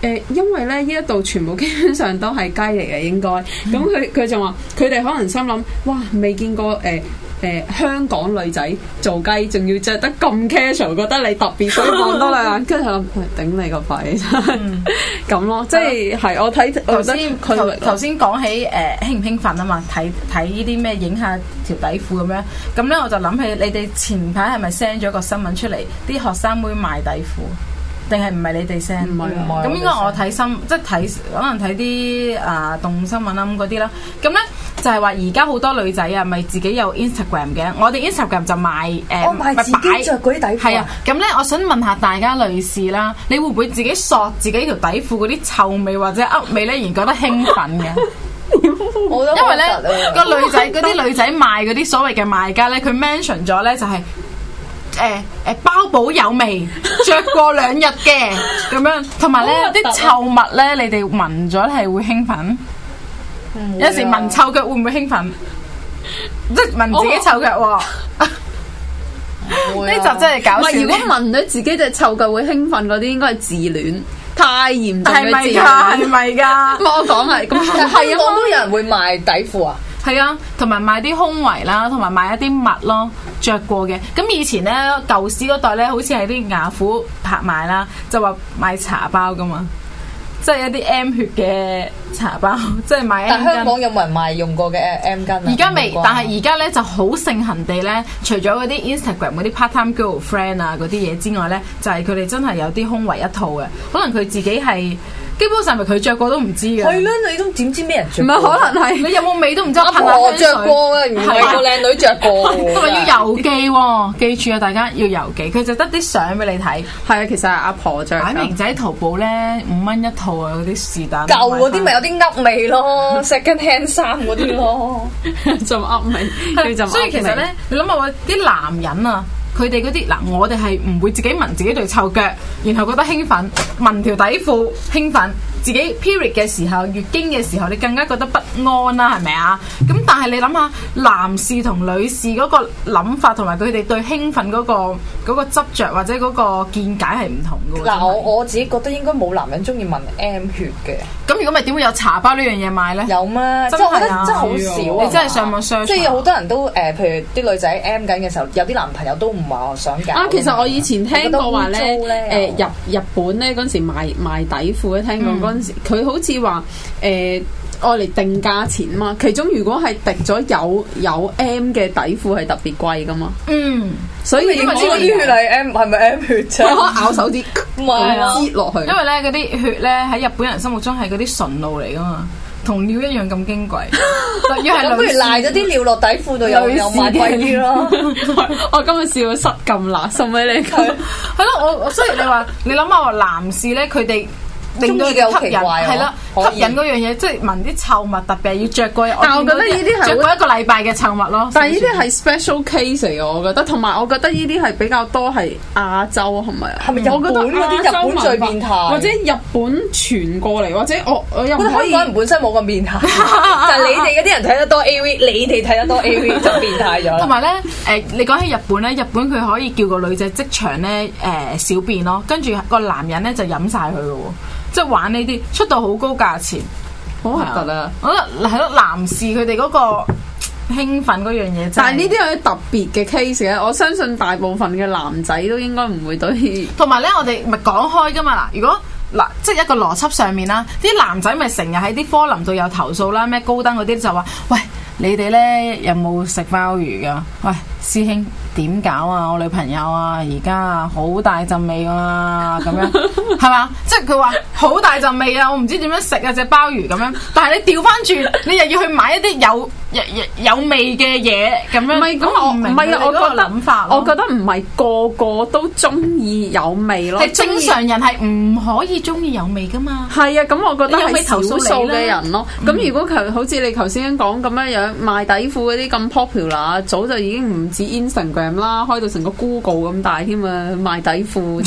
誒、呃，因為咧呢一度全部基本上都係雞嚟嘅，應該咁佢佢仲話佢哋可能心諗，哇未見過誒誒、呃呃、香港女仔做雞仲要着得咁 casual，覺得你特別，所以望多兩眼，跟住諗頂你個肺咁、嗯、 咯。啊、即係係我睇頭先頭頭先講起誒興唔興奮啊嘛？睇睇呢啲咩影下條底褲咁樣，咁咧我就諗起你哋前排係咪 send 咗個新聞出嚟，啲學生妹賣底褲？定係唔係你哋聲？唔係唔係。咁應該我睇新，即係睇可能睇啲啊動新聞啦咁嗰啲啦。咁咧就係話而家好多女仔啊，咪自己有 Instagram 嘅。我哋 Instagram 就賣誒，呃、我買自己著嗰啲底褲。係啊。咁咧、啊，我想問下大家女士啦，你會唔會自己索自己條底褲嗰啲臭味或者噏、呃、味咧， 而覺得興奮嘅？ 因為咧、個女仔嗰啲女仔賣嗰啲所謂嘅賣家咧，佢 mention 咗咧就係、係。誒誒、欸、包保有味，着過兩日嘅咁樣，同埋咧有啲臭物咧，你哋聞咗係會興奮。會啊、有時聞臭腳會唔會興奮？會啊、即係聞自己臭腳喎。呢集真係搞笑。如果聞到自己隻臭腳會興奮嗰啲，應該係自戀，太嚴重嘅自戀。係咪㗎？係咪㗎？我講係。咁係啊！好多人會買底褲啊。係啊，同埋買啲胸圍啦，同埋買一啲襪咯，着過嘅。咁以前呢，舊時嗰代呢，好似係啲雅虎拍賣啦，就話賣茶包噶嘛，即係一啲 M 血嘅茶包，即係賣。但香港有冇人賣用過嘅 M 巾啊？而家未，但係而家呢就好盛行地呢，除咗嗰啲 Instagram 嗰啲 part-time girlfriend 啊嗰啲嘢之外呢，就係佢哋真係有啲胸圍一套嘅，可能佢自己係。基本上係咪佢着過都唔知嘅，嗯？係咯，啊，你都點知咩人著？唔係可能係 你有冇味都唔知。阿婆著過啊，唔係個靚女着過。同埋 要郵寄，哦，記住啊，大家要郵寄。佢就得啲相俾你睇。係啊，其實係阿婆着。擺明仔淘寶咧，五蚊一套啊，嗰啲是但舊嗰啲咪有啲噏味咯 second hand 衫嗰啲咯，就噏味，所以其實咧，你諗下話啲男人啊。佢哋嗰啲嗱，我哋係唔會自己聞自己對臭腳，然後覺得興奮，聞條底褲興奮。自己 period 嘅時候，月經嘅時候，你更加覺得不安啦，係咪啊？咁但係你諗下，男士同女士嗰個諗法同埋佢哋對興奮嗰個嗰個執著或者嗰個見解係唔同嘅喎。嗱，我我自己覺得應該冇男人中意聞 M 血嘅。咁如果咪點會有茶包買呢樣嘢賣咧？有咩嗎真係真係好少、啊、的你真係上網 search 即係有好多人都誒、呃，譬如啲女仔 M 緊嘅時候，有啲男朋友都唔話我想揀。啊，其實我以前聽過話咧，誒日、呃、日本咧嗰陣時賣賣底褲咧，聽過。嗯。佢好似話誒，我、欸、嚟定價錢嘛，其中如果係滴咗有有 M 嘅底褲係特別貴噶嘛。嗯，所以我知啲血係 M 係咪 M 血啫？我可以咬手啲，黐落去、 啊。因為咧嗰啲血咧喺日本人心目中係嗰啲純露嚟噶嘛，同尿一樣咁矜貴。咁 不如瀨咗啲尿落底褲度，又又賣貴啲咯。我今日試過失禁，送俾你佢係咯，我我雖然你話你諗下話男士咧，佢哋中意佢吸引，係咯，吸引嗰樣嘢，即係聞啲臭物特別，特別係要着過。但我覺得呢啲係，着過一個禮拜嘅臭物咯。但係呢啲係 special case 嚟嘅，我覺得。同埋我覺得呢啲係比較多係亞洲，係咪？係咪日本嗰啲日本最變態，嗯、或者日本傳過嚟，或者我我又唔可以本身冇咁變態， 但係你哋嗰啲人睇得多 AV，你哋睇得多 AV 就變態咗。同埋咧，誒、呃、你講起日本咧，日本佢可以叫個女仔即場咧誒、呃、小便咯，跟住個男人咧就飲晒佢咯。即係玩呢啲，出到好高價錢，好核突呀！我覺得係咯，男士佢哋嗰個興奮嗰樣嘢，但係呢啲係一特別嘅 case 啊！我相信大部分嘅男仔都應該唔會對。同埋咧，我哋咪講開噶嘛嗱，如果嗱，即係一個邏輯上面啦，啲男仔咪成日喺啲科林度有投訴啦，咩高登嗰啲就話：喂，你哋咧有冇食鮑魚噶？喂！師兄點搞啊？我女朋友啊，而家啊好大陣味啊，咁樣係嘛？即係佢話好大陣味啊！我唔知點樣食啊隻鮑魚咁樣。但係你調翻轉，你又要去買一啲有有有有味嘅嘢咁樣。唔係咁，我唔係啊！我個諗法，我覺得唔係個個都中意有味咯。正常人係唔可以中意有味㗎嘛？係啊，咁我覺得係少數嘅人咯。咁如果頭好似你頭先講咁樣樣賣底褲嗰啲咁 popular，早就已經唔。似 Instagram 啦，開到成個 Google 咁大添啊！賣底褲。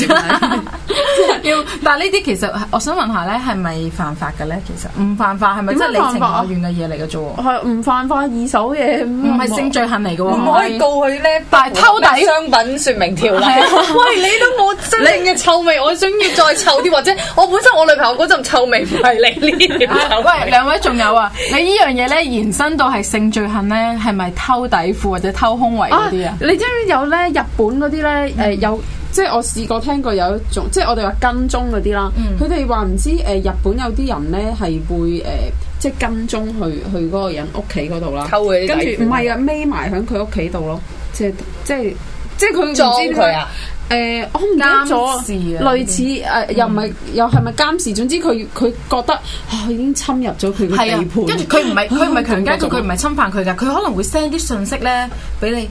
要，但係呢啲其實，我想問下咧，係咪犯法嘅咧？其實唔犯法，係咪真係你情我願嘅嘢嚟嘅啫喎？係唔犯法，二手嘢，唔係性罪行嚟嘅喎，唔可以告佢咧。但係偷底商品，說明條例，喂，你都冇真正嘅臭味，我想要再臭啲，或者我本身我女朋友嗰陣臭味唔係你呢啲，喂，兩位仲有啊？你呢樣嘢咧延伸到係性罪行咧，係咪偷底褲或者偷胸圍？啊、你知唔知有咧日本嗰啲咧？誒、嗯呃、有，即係我試過聽過有一種，即係我哋話跟蹤嗰啲啦。佢哋話唔知誒、呃、日本有啲人咧係會誒、呃，即係跟蹤去去嗰個人屋企嗰度啦。跟住唔係啊，孭埋喺佢屋企度咯。嗯、即係即係即係佢唔知佢誒、啊呃，我唔記得咗。監視類似誒、嗯呃，又唔係又係咪監視？總之佢佢覺得佢、啊、已經侵入咗佢嘅地盤。跟住佢唔係佢唔係強姦佢，佢唔係侵犯佢㗎。佢可能會 send 啲信息咧俾你。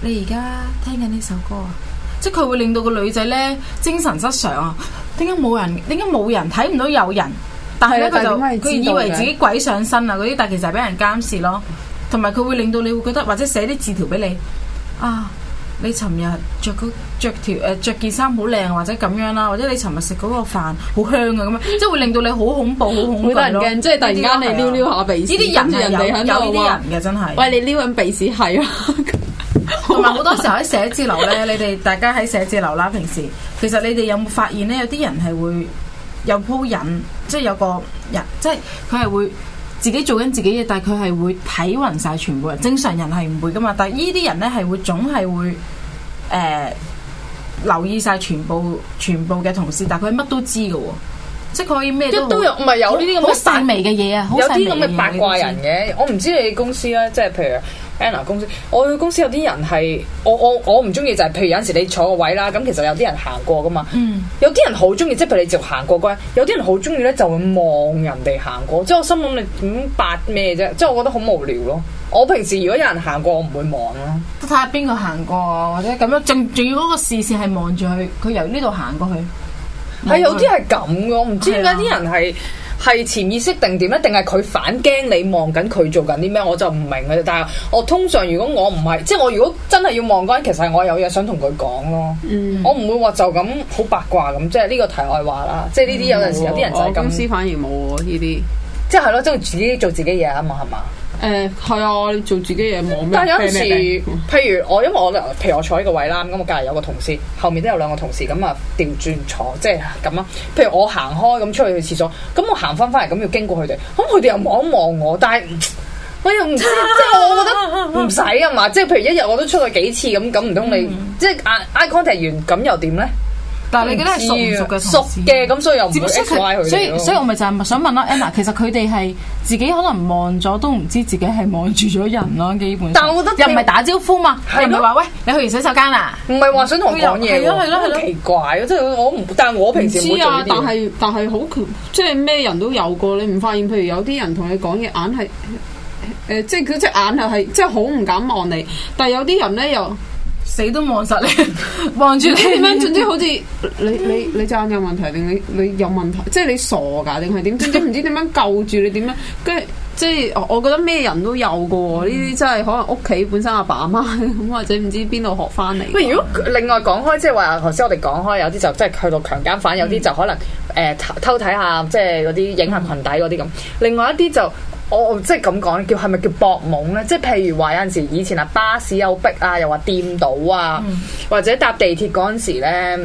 你而家聽緊呢首歌啊！即係佢會令到個女仔咧精神失常啊！點解冇人？點解冇人睇唔到有人？但係咧佢就佢以為自己鬼上身啊！嗰啲，啊、但其實係俾人監視咯。同埋佢會令到你會覺得或者寫啲字條俾你啊！你尋日着條誒着件衫好靚，或者咁樣啦，啊，或者你尋日食嗰個飯好香啊！咁樣即係會令到你好恐怖，好恐怖咯！即係突然間你撩撩下鼻屎，引住人哋喺度啊！有呢啲人嘅真係，喂，你撩緊鼻屎係啊！的 同埋好多時候喺寫字樓咧， 你哋大家喺寫字樓啦，平時其實你哋有冇發現咧，有啲人係會有鋪癮，即係有個人，即係佢係會自己做緊自己嘢，但係佢係會睇匀晒全部人，正常人係唔會噶嘛，但係呢啲人咧係會總係會誒留意晒全部全部嘅同事，但係佢乜都知噶喎，即係佢可以咩都都有，唔係有呢啲咁嘅好細微嘅嘢啊，細微啊有啲咁嘅八卦人嘅， 我唔知你哋公司啦、啊，即係譬如。Anna 公司，我公司有啲人係，我我我唔中意就係，譬如有陣時你坐個位啦，咁其實有啲人行過噶嘛，嗯、有啲人好中意，即係譬如你直行過關，有啲人好中意咧就會望人哋行過，即係我心諗你點白咩啫，即係我覺得好無聊咯。我平時如果有人行過，我唔會望啦，都睇下邊個行過或者咁樣，仲仲要嗰個視線係望住佢，佢由呢度行過去，係、哎、有啲係咁嘅，我唔知點解啲人係。嗯嗯係潛意識定點咧？定係佢反驚你望緊佢做緊啲咩？我就唔明嘅。但係我通常如果我唔係，即係我如果真係要望嗰，其實我有嘢想同佢講咯。嗯、我唔會話就咁好八卦咁。即係呢個題外話啦。即係呢啲有陣時有啲人就係咁。嗯、公司反而冇呢啲，即係咯，即係自己做自己嘢啊嘛，係嘛。誒係、呃、啊！你做自己嘢冇咩？但有陣時，譬如我因為我，譬如我坐呢個位啦，咁我隔離有個同事，後面都有兩個同事，咁啊調轉坐，即係咁啊。譬如我行開咁出去去廁所，咁我行翻翻嚟，咁要經過佢哋，咁佢哋又望一望我，但係我又唔知。 即係我覺得唔使啊嘛！即係譬如一日我都出去幾次咁，咁唔通你、嗯、即係 eye contact 完咁又點呢？但係你覺得係熟唔熟嘅，熟嘅，咁，所以又接唔識佢，所以所以我咪就係想問啦 ，Anna，其實佢哋係自己可能望咗都唔知自己係望住咗人咯，基本上。但係我覺得又唔係打招呼嘛，的又唔係話喂，你去完洗手間啦，唔係話想同佢講嘢喎。係咯係咯，奇怪啊！即係我唔，但係我平時知啊。但係但係好，即係咩人都有過。你唔發現，譬如有啲人同你講嘢，眼係誒、呃，即係佢隻眼係係即係好唔敢望你。但係有啲人咧又。死都望實你，望住 你點樣？總之好似你你你隻眼有問題，定你你有問題？即係你傻㗎定係點？總之唔 知點樣救住你點樣？跟住即係我覺得咩人都有㗎喎，呢啲真係可能屋企本身阿爸阿媽咁，或者唔知邊度學翻嚟。唔係如果另外講開，即係話頭先我哋講開，有啲就即係去到強姦犯，有啲就可能誒、呃、偷睇下，即係嗰啲影下裙底嗰啲咁。另外一啲就。我即係咁講，叫係咪叫搏懵咧？即係譬如話有陣時以前啊巴士有逼啊，又話掂到啊，嗯、或者搭地鐵嗰陣時咧。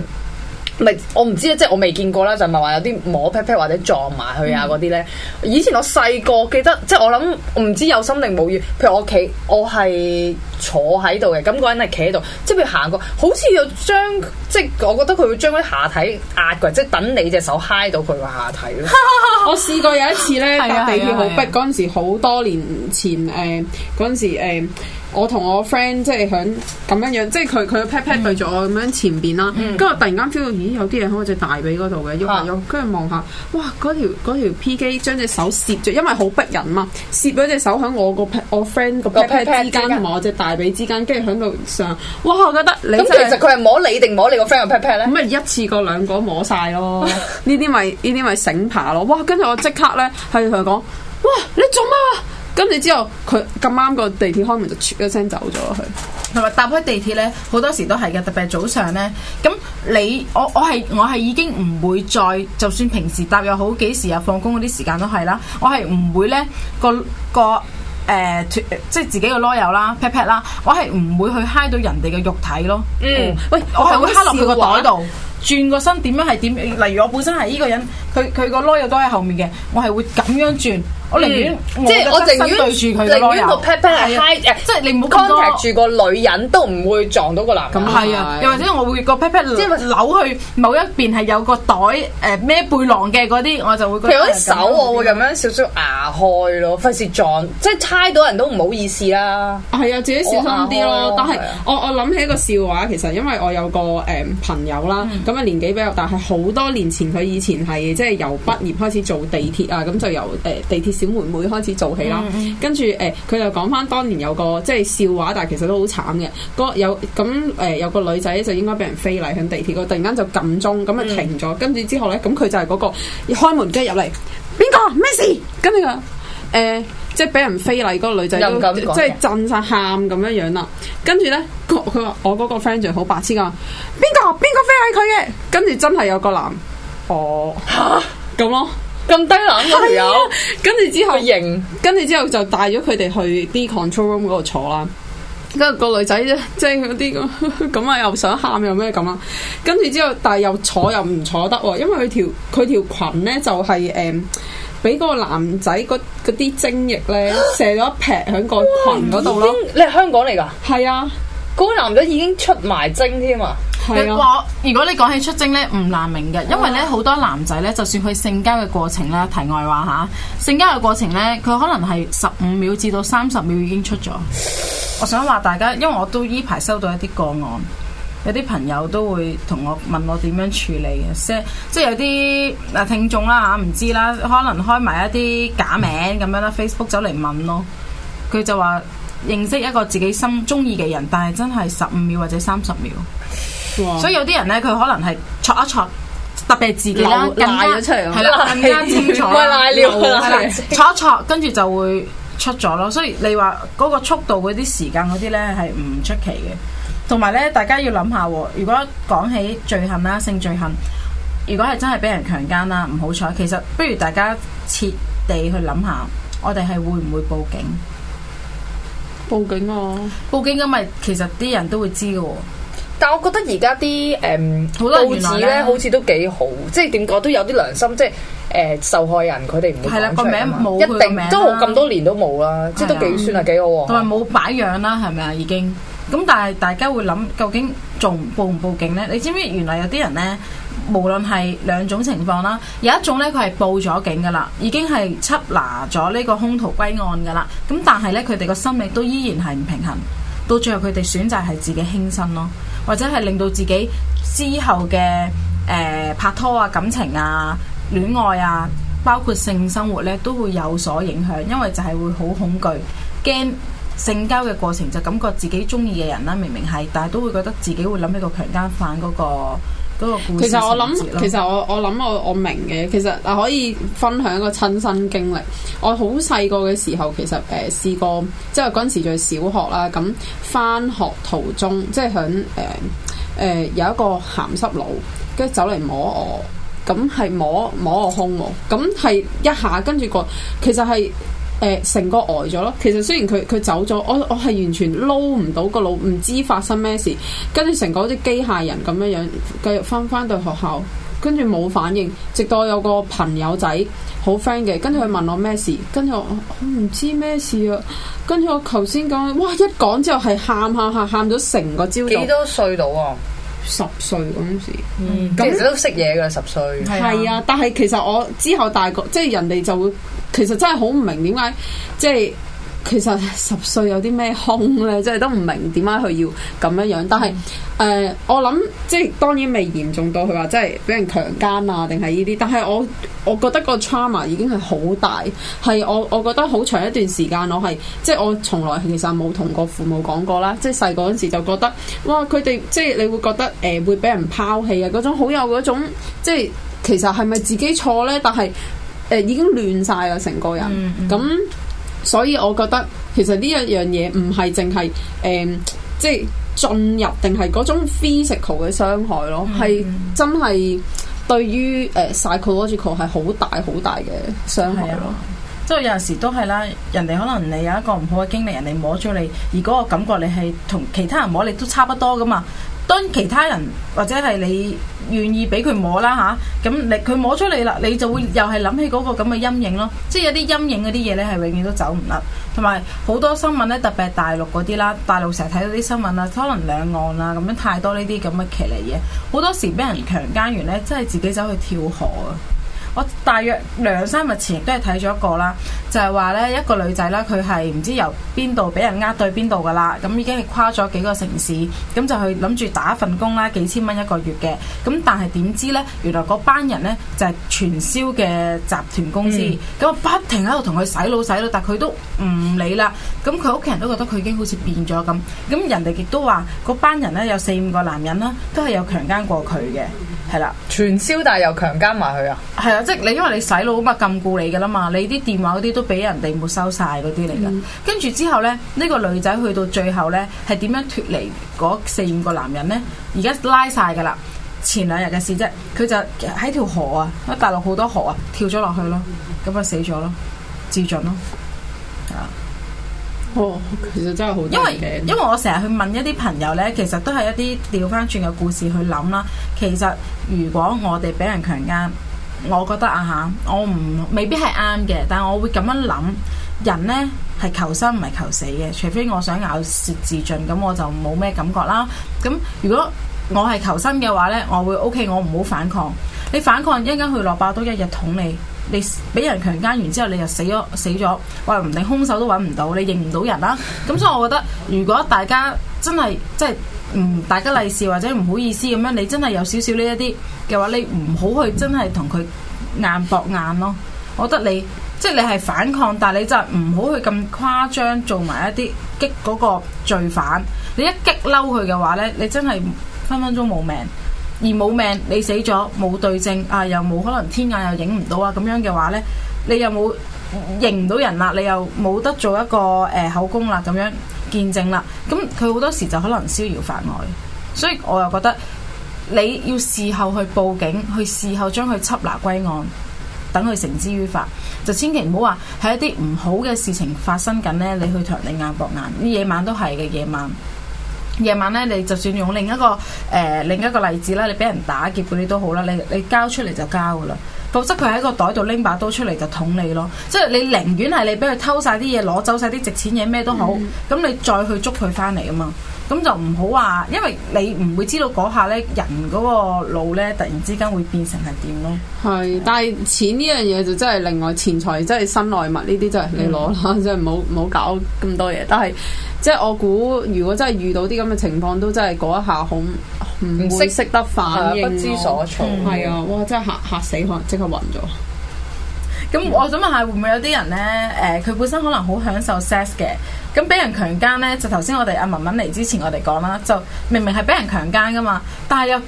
唔，我唔知啊，即係我未見過啦，就唔係話有啲摸劈劈或者撞埋去啊嗰啲咧。嗯、以前我細個記得，即係我諗，我唔知有心定冇意。譬如我企，我係坐喺度嘅，咁個人係企喺度，即係譬如行過，好似有將，即係我覺得佢會將啲下體壓過，即係等你隻手嗨到佢個下體咯。 我試過有一次咧，搭 地鐵好逼嗰陣時，好多年前誒嗰陣時、呃我同我 friend 即係響咁樣樣，即係佢佢 pat pat 對住我咁樣前邊啦，跟住、嗯、突然間 feel 到，咦，有啲嘢喺我隻大髀嗰度嘅，喐下喐，跟住望下，哇，嗰條嗰條 P 機將隻手攝住，因為好逼人啊嘛，攝咗隻手喺我個 p 我 friend 個 pat pat 之間同埋我隻大髀之間，跟住喺度上，哇我覺得你。其實佢係摸你定摸你個 friend 個 pat pat 咧？咁咪一次過兩個摸晒咯，呢啲咪呢啲咪醒爬咯，哇！跟住我即刻咧係同佢講，哇你做乜啊？跟住之後佢咁啱個地鐵開門就噎一聲走咗佢。係咪搭開地鐵咧？好多時都係嘅，特別係早上咧。咁你我我係我係已經唔會再，就算平時搭又好，幾時又放工嗰啲時間都係、呃、啦，啦。我係唔會咧個個誒，即係自己個攞油啦 pat pat 啦，我係唔會去嗨到人哋嘅肉體咯。嗯，喂，嗯、我係會揩落去個袋度，話轉個身點樣係點？例如我本身係依個人，佢佢、嗯、個攞油都喺後面嘅，我係會咁樣轉。我寧願即係我寧願對住佢，寧願個 pat pat 係 high，誒即係你唔好 contact 住個女人都唔會撞到個男嘅，係啊，又或者我會個 pat pat 即係扭去某一邊係有個袋誒孭背囊嘅嗰啲，我就會譬如嗰啲手，我會咁樣少少牙開咯，費事撞，即係猜到人都唔好意思啦。係啊，自己小心啲咯。但係我我諗起一個笑話，其實因為我有個誒朋友啦，咁啊年紀比較大，係好多年前佢以前係即係由畢業開始做地鐵啊，咁就由誒地鐵。小妹妹開始做戲啦，跟住誒，佢、呃、就講翻當年有個即係笑話，但係其實都好慘嘅。有咁誒、呃，有個女仔就應該俾人非禮響地鐵嗰，突然間就撳鐘，咁咪停咗。跟住、嗯、之後咧，咁佢就係嗰、那個開門，跟住入嚟，邊個咩事？跟住個即係俾人非禮嗰個女仔，即係震晒喊咁樣樣啦。跟住咧，佢佢話我嗰個 friend 仲好白痴，話邊個邊個非禮佢嘅？跟住真係有個男哦咁蛤咯。咁低冷嗰條友，跟住、啊、之後型，跟住承之後就帶咗佢哋去啲 control room 嗰度坐啦。跟住個女仔咧，即係嗰啲咁，咁 啊又想喊又咩咁啦。跟住之後，但係又坐又唔坐得喎，因為佢條佢條裙咧就係、是、誒，俾、嗯、嗰個男仔嗰啲精液咧射咗一劈喺個裙嗰度咯。你係香港嚟噶？係啊。嗰個男嘅已經出埋精添啊！如果如果你講起出精呢，唔難明嘅，因為呢好多男仔呢，就算佢性交嘅過程啦，題外話吓，性交嘅過程呢，佢可能係十五秒至到三十秒已經出咗。我想話大家，因為我都呢排收到一啲個案，有啲朋友都會同我問我點樣處理嘅，即係即係有啲啊聽眾啦吓，唔知啦，可能開埋一啲假名咁樣啦，Facebook 走嚟問咯，佢就話。認識一個自己心中意嘅人，但係真係十五秒或者三十秒。哇所以有啲人呢，佢可能係戳一戳，特別係自己流啦，拉咗出嚟，係啦，更加清楚，又係戳一戳，跟住就會出咗咯。所以你話嗰個速度、嗰啲時間、嗰啲呢係唔出奇嘅。同埋呢，大家要諗下，如果講起罪行啦、性罪行，如果係真係俾人強奸啦，唔好彩，其實不如大家徹地去諗下，我哋係會唔會報警？報警啊！報警咁咪其實啲人都會知嘅，但我覺得而家啲誒，好多報紙咧好似都幾好，即係點講都有啲良心，即係誒、呃、受害人佢哋唔係啦個名冇一定，即係都好咁多年都冇啦，即係、啊、都幾算係幾好，同埋冇擺樣啦，係咪啊已經？咁但係大家會諗究竟仲報唔報警咧？你知唔知原來有啲人咧？無論係兩種情況啦，有一種咧佢係報咗警噶啦，已經係緝拿咗呢個凶徒歸案噶啦。咁但係咧佢哋個心理都依然係唔平衡，到最後佢哋選擇係自己輕生咯，或者係令到自己之後嘅誒、呃、拍拖啊、感情啊、戀愛啊，包括性生活咧都會有所影響，因為就係會好恐懼，驚性交嘅過程就感覺自己中意嘅人啦，明明係，但係都會覺得自己會諗起個強姦犯嗰個。其實我諗， 其實我我諗我我明嘅，其實嗱，可以分享一個親身經歷。我好細個嘅時候，其實誒試、呃、過，即係嗰陣時仲係小學啦，咁翻學途中，即係響誒誒有一個鹹濕佬，跟住走嚟摸我，咁係摸摸我胸喎，咁係一下，跟住過其實係。呃，成個呆咗咯，其實雖然佢佢走咗，我我係完全撈唔到個腦，唔知發生咩事，跟住成個好似機械人咁樣樣，繼續返返到學校，跟住冇反應，直到我有個朋友仔好 friend 嘅，跟住佢問我咩事，跟住我唔知咩事啊，跟住我頭先講，哇，一講之後係喊喊喊喊咗成個朝早，幾多歲到啊？十歲嗰陣時，其實都識嘢㗎十歲，係啊，啊但係其實我之後大個，即係人哋就會。其實真係好唔明點解，即係其實十歲有啲咩空咧，即係都唔明點解佢要咁樣樣。但係誒、呃，我諗即係當然未嚴重到佢話即係俾人強姦啊，定係呢啲。但係我我覺得個 trauma 已經係好大，係我我覺得好長一段時間我係即係我從來其實冇同個父母講過啦。即係細個時就覺得哇，佢哋即係你會覺得誒、呃、會俾人拋棄啊，嗰種好有嗰種即係其實係咪自己錯咧？但係。誒、呃，已經亂晒啦，成個人咁，嗯嗯，所以我覺得其實呢一樣嘢唔係淨係誒，即係進入定係嗰種 physical 嘅傷害咯，係、嗯嗯、真係對於誒、呃、psychological 係好大好大嘅傷害咯。即係、啊、有陣時都係啦，人哋可能你有一個唔好嘅經歷，人哋摸咗你，而嗰個感覺你係同其他人摸你都差不多㗎嘛。當其他人或者係你願意俾佢摸啦嚇，咁你佢摸出嚟啦，你就會又係諗起嗰個咁嘅陰影咯，即係有啲陰影嗰啲嘢呢，係永遠都走唔甩，同埋好多新聞呢，特別係大陸嗰啲啦，大陸成日睇到啲新聞啦，可能兩岸啦咁樣，太多呢啲咁嘅騎呢嘢，好多時俾人強姦完呢，真係自己走去跳河啊！我大約兩三日前都係睇咗一個啦，就係話咧一個女仔啦，佢係唔知由邊度俾人呃對邊度噶啦，咁已經係跨咗幾個城市，咁就去諗住打，打份工啦，幾千蚊一個月嘅，咁但係點知咧，原來嗰班人咧就係傳銷嘅集團公司，咁、嗯、我不停喺度同佢洗腦洗腦，但佢都唔理啦，咁佢屋企人都覺得佢已經好似變咗咁，咁人哋亦都話嗰班人咧有四五個男人啦，都係有強姦過佢嘅，係啦。傳銷但係又強姦埋佢啊？係啊。即你，因為你洗腦啊嘛，禁錮你嘅啦嘛，你啲電話嗰啲都俾人哋沒收晒嗰啲嚟嘅。跟住、嗯、之後咧，呢、呢個女仔去到最後咧，係點樣脱離嗰四五個男人咧？而家拉晒㗎啦，前兩日嘅事啫，佢就喺條河啊，喺大陸好多河啊，跳咗落去咯，咁啊死咗咯，自盡咯。啊、哦！其實真係好，因為因為我成日去問一啲朋友咧，其實都係一啲調翻轉嘅故事去諗啦。其實如果我哋俾人強奸。我覺得啊嚇，我唔未必係啱嘅，但係我會咁樣諗，人呢係求生唔係求死嘅，除非我想咬舌自盡，咁我就冇咩感覺啦。咁如果我係求生嘅話呢，我會 OK，我唔好反抗。你反抗一陣間去落爆都一日捅你，你俾人強姦完之後你就死咗死咗，話唔定兇手都揾唔到，你認唔到人啦、啊。咁所以我覺得，如果大家真係真。唔大家利是或者唔好意思咁樣，你真係有少少呢一啲嘅話，你唔好去真係同佢硬搏硬咯。我覺得你即係你係反抗，但係你就唔好去咁誇張做埋一啲激嗰個罪犯。你一激嬲佢嘅話呢，你真係分分鐘冇命。而冇命，你死咗冇對證，啊，又冇可能天眼又影唔到啊，咁樣嘅話呢，你又冇認唔到人啦，你又冇得做一個誒、呃、口供啦，咁樣。見證啦，咁佢好多時就可能逍遙法外，所以我又覺得你要事後去報警，去事後將佢緝拿歸案，等佢繩之於法，就千祈唔好話係一啲唔好嘅事情發生緊呢，你去同人哋硬搏硬，夜晚都係嘅夜晚。夜晚呢，你就算用另一個誒、呃、另一個例子啦，你俾人打劫嗰啲都好啦，你你交出嚟，就交噶啦。否則佢喺個袋度拎把刀出嚟就捅你咯，即係你寧願係你俾佢偷晒啲嘢，攞走晒啲值錢嘢咩都好，咁、嗯、你再去捉佢翻嚟啊嘛。咁就唔好話，因為你唔會知道嗰下呢，人嗰個腦呢，突然之間會變成係點咯。係，但係錢呢樣嘢就真係另外，錢財真係身外物呢啲真係你攞啦，即係唔好搞咁多嘢。但係即係我估，如果真係遇到啲咁嘅情況，都真係嗰一下好唔識識得反應、啊、不知所措、啊。係、嗯、啊，哇！真係吓吓死我，可能即刻暈咗。咁我想問下，會唔會有啲人呢？誒、呃，佢本身可能好享受 sex 嘅，咁俾人強奸呢，就頭先我哋阿文文嚟之前，我哋講啦，就明明係俾人強奸噶嘛，但係又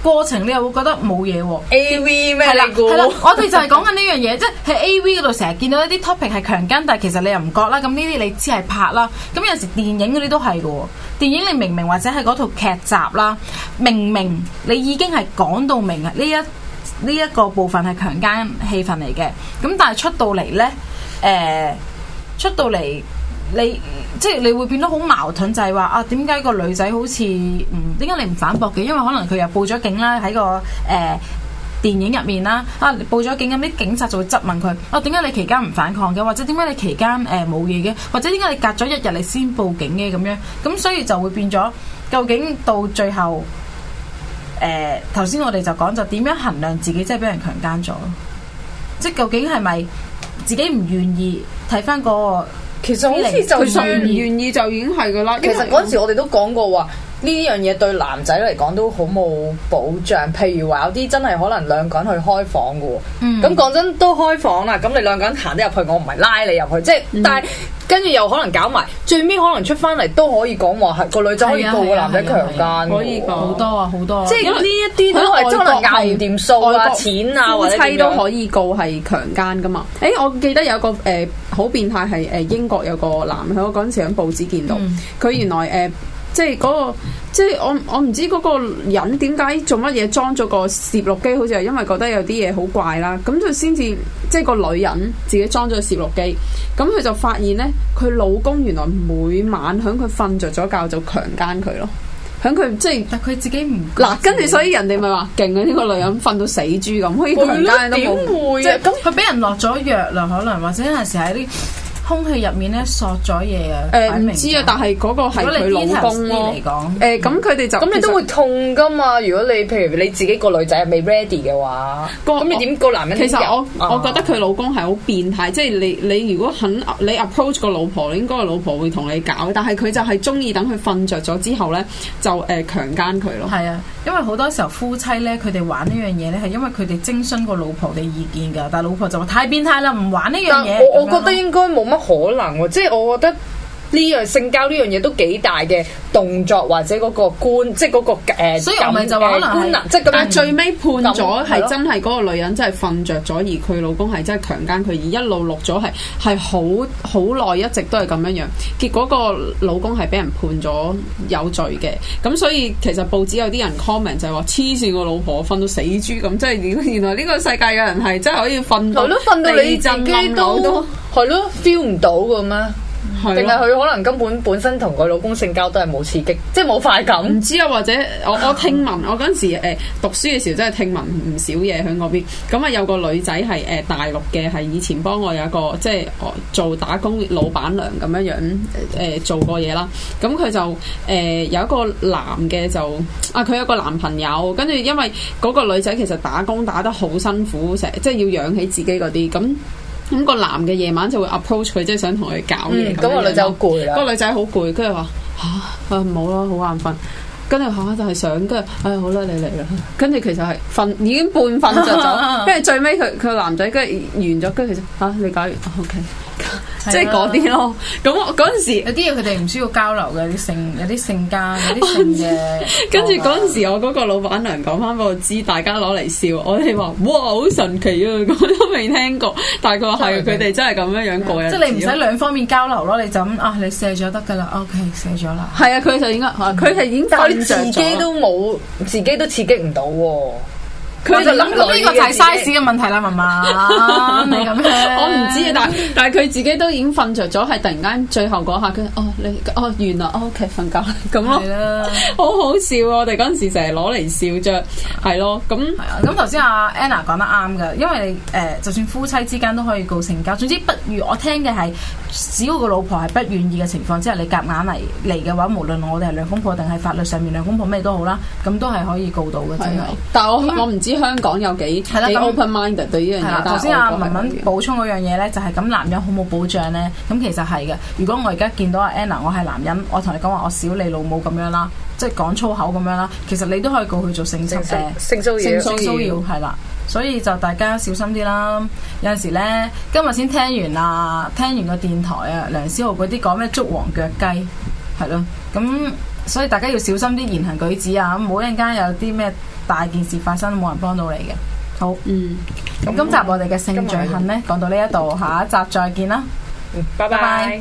過程你又會覺得冇嘢喎，A V 咩嚟㗎？係啦，我哋就係講緊呢樣嘢， 即係喺 A V 嗰度成日見到一啲 topic 係強奸，但係其實你又唔覺啦。咁呢啲你只係拍啦，咁有時電影嗰啲都係嘅喎，電影你明明或者係嗰套劇集啦，明，明明你已經係講到明啊呢一，呢一個部分係強姦氣氛嚟嘅，咁但係出到嚟呢，誒、呃、出到嚟你即係你會變得好矛盾，就係、是、話啊點解個女仔好似唔點解你唔反駁嘅？因為可能佢又報咗警啦，喺個誒、呃、電影入面啦，啊報咗警咁啲警察就會質問佢，啊點解你期間唔反抗嘅？或者點解你期間誒冇嘢嘅？或者點解你隔咗一日你先報警嘅咁樣？咁、嗯、所以就會變咗，究竟到最後？誒頭先我哋就講就點樣衡量自己真係俾人強姦咗咯？即係究竟係咪自己唔願意睇返個？其實好似就算唔願，願意就已經係㗎啦。其實嗰時我哋都講過話呢樣嘢對男仔嚟講都好冇保障。譬如話有啲真係可能兩個人去開房㗎喎。咁講、嗯、真都開房啦，咁你兩個人行得入去，我唔係拉你入去，即係、嗯、但係。跟住又可能搞埋，最尾可能出翻嚟都可以講話係個女仔可以告個男仔強姦，好、啊啊啊啊啊、多啊好多，啊。即係呢一啲都係都係一個係外國，外國，外國錢啊或者，夫妻都可以告係強姦噶嘛？誒、欸，我記得有個誒、呃、好變態係誒、呃、英國有個男，我嗰陣時喺報紙見到佢、嗯、原來誒。呃即係嗰個，即係我我唔知嗰個人點解做乜嘢裝咗個攝錄機，好似係因為覺得有啲嘢好怪啦，咁佢先至即係個女人自己裝咗個攝錄機，咁佢就發現咧，佢老公原來每晚響佢瞓着咗覺就強姦佢咯，響佢即係。但佢自己唔覺嗱，跟住所以人哋咪話勁啊！呢個女人瞓到死豬咁，可以強姦都冇。會咩？點會啊？咁佢俾人落咗藥啦， 可能或者有陣時喺啲。空氣入面咧，索咗嘢啊！誒唔、呃、明知啊，但係嗰個係佢老公咯。誒咁佢哋就咁、嗯、你都會痛噶嘛？如果你譬如你自己個女仔未 ready 嘅話，咁、嗯、你點個男人？我其實我我覺得佢老公係好變態，哦、即係你你如果肯你 approach 個老婆，應該個老婆會同你搞。但係佢就係中意等佢瞓着咗之後咧，就誒、呃、強姦佢咯。係啊，因為好多時候夫妻咧，佢哋玩呢樣嘢咧，係因為佢哋徵詢個老婆嘅意見㗎。但係老婆就話太變態啦，唔玩呢樣嘢。我我覺得應該冇。乜可能喎、哦？即係我覺得。呢樣性交呢樣嘢都幾大嘅動作或者嗰個觀，即係嗰、嗰個誒感官嘅觀念，即係咁。但係是最尾判咗係、嗯、真係嗰個女人真係瞓着咗，嗯、而佢老公係真係強姦佢，而一路錄咗係係好好耐一直都係咁樣樣。結果個老公係俾人判咗有罪嘅。咁所以其實報紙有啲人 comment 就係話：黐線個老婆瞓到死豬咁，即係原來呢個世界嘅人係真係可以瞓。係瞓到你自己都係咯，feel 唔到嘅咩？定係佢可能根本本身同佢老公性交都係冇刺激，即係冇快感。唔知啊，或者我我聽聞，我嗰陣時誒、呃、讀書嘅時候真係聽聞唔少嘢喺嗰邊。咁、嗯、啊有個女仔係誒大陸嘅，係以前幫我有一個即係做打工老闆娘咁樣樣誒、呃、做過嘢啦。咁、嗯、佢就誒、呃、有一個男嘅就啊佢有個男朋友，跟住因為嗰個女仔其實打工打得好辛苦，成即係要養起自己嗰啲咁。嗯咁個男嘅夜晚就會 approach 佢，即係想同佢搞嘢。嗯，咁個女仔好攰啊，個女仔好攰，跟住話嚇唔好啦，好眼瞓。跟住下下就係想，跟住唉好啦，你嚟啦。跟住其實係瞓已經半瞓着咗。跟住 最尾佢佢個男仔跟住完咗，跟住其實吓、啊、你搞完，O K。啊 OK。即係嗰啲咯，咁嗰陣時有啲嘢佢哋唔需要交流嘅，啲性有啲性格有啲嘅。跟住嗰陣時我我，我嗰個老闆娘講翻俾我知，大家攞嚟笑，我哋話哇好神奇啊，我都未聽過，大概係佢哋真係咁樣樣過日、嗯、即係你唔使兩方面交流咯，你就咁啊，你射咗得噶啦，OK，射咗啦。係啊，佢就應該，佢、啊、係已經，佢自己都冇，自己都刺激唔到、啊。佢就諗到呢個就係 size 嘅問題啦，媽媽係咁樣，我唔知，但但係佢自己都已經瞓着咗，係突然間最後嗰下，佢哦你哦原來哦，OK 瞓覺咁咯，係啦，好的 好笑啊！我哋嗰陣時成日攞嚟笑著，係咯的，咁係啊！咁頭先阿 Anna 講得啱噶，因為誒、呃，就算夫妻之間都可以告成交，總之不如我聽嘅係。只要個老婆係不願意嘅情況之下，你夾硬嚟嚟嘅話，無論我哋係兩公婆定係法律上面兩公婆咩都好啦，咁都係可以告到嘅，真係的。就是、但係我我唔知香港有幾幾、嗯、open minded 對呢樣嘢。頭先阿文文補充嗰樣嘢呢，就係、是、咁男人好冇保障呢。咁其實係嘅。如果我而家見到阿 Anna，我係男人，我同你講話，我小你老母咁樣啦。即係講粗口咁樣啦，其實你都可以告佢做性騷擾嘅。性騷擾、呃、性騷擾係啦，所以就大家小心啲啦。有陣時咧，今日先聽完啊，聽完個電台啊，梁思浩嗰啲講咩捉黃腳雞，係咯，咁所以大家要小心啲言行舉止啊，唔好一陣間有啲咩大件事發生，冇人幫到你嘅。好，嗯，咁今、嗯、集我哋嘅性罪行呢，講到呢一度，下一集再見啦，拜拜。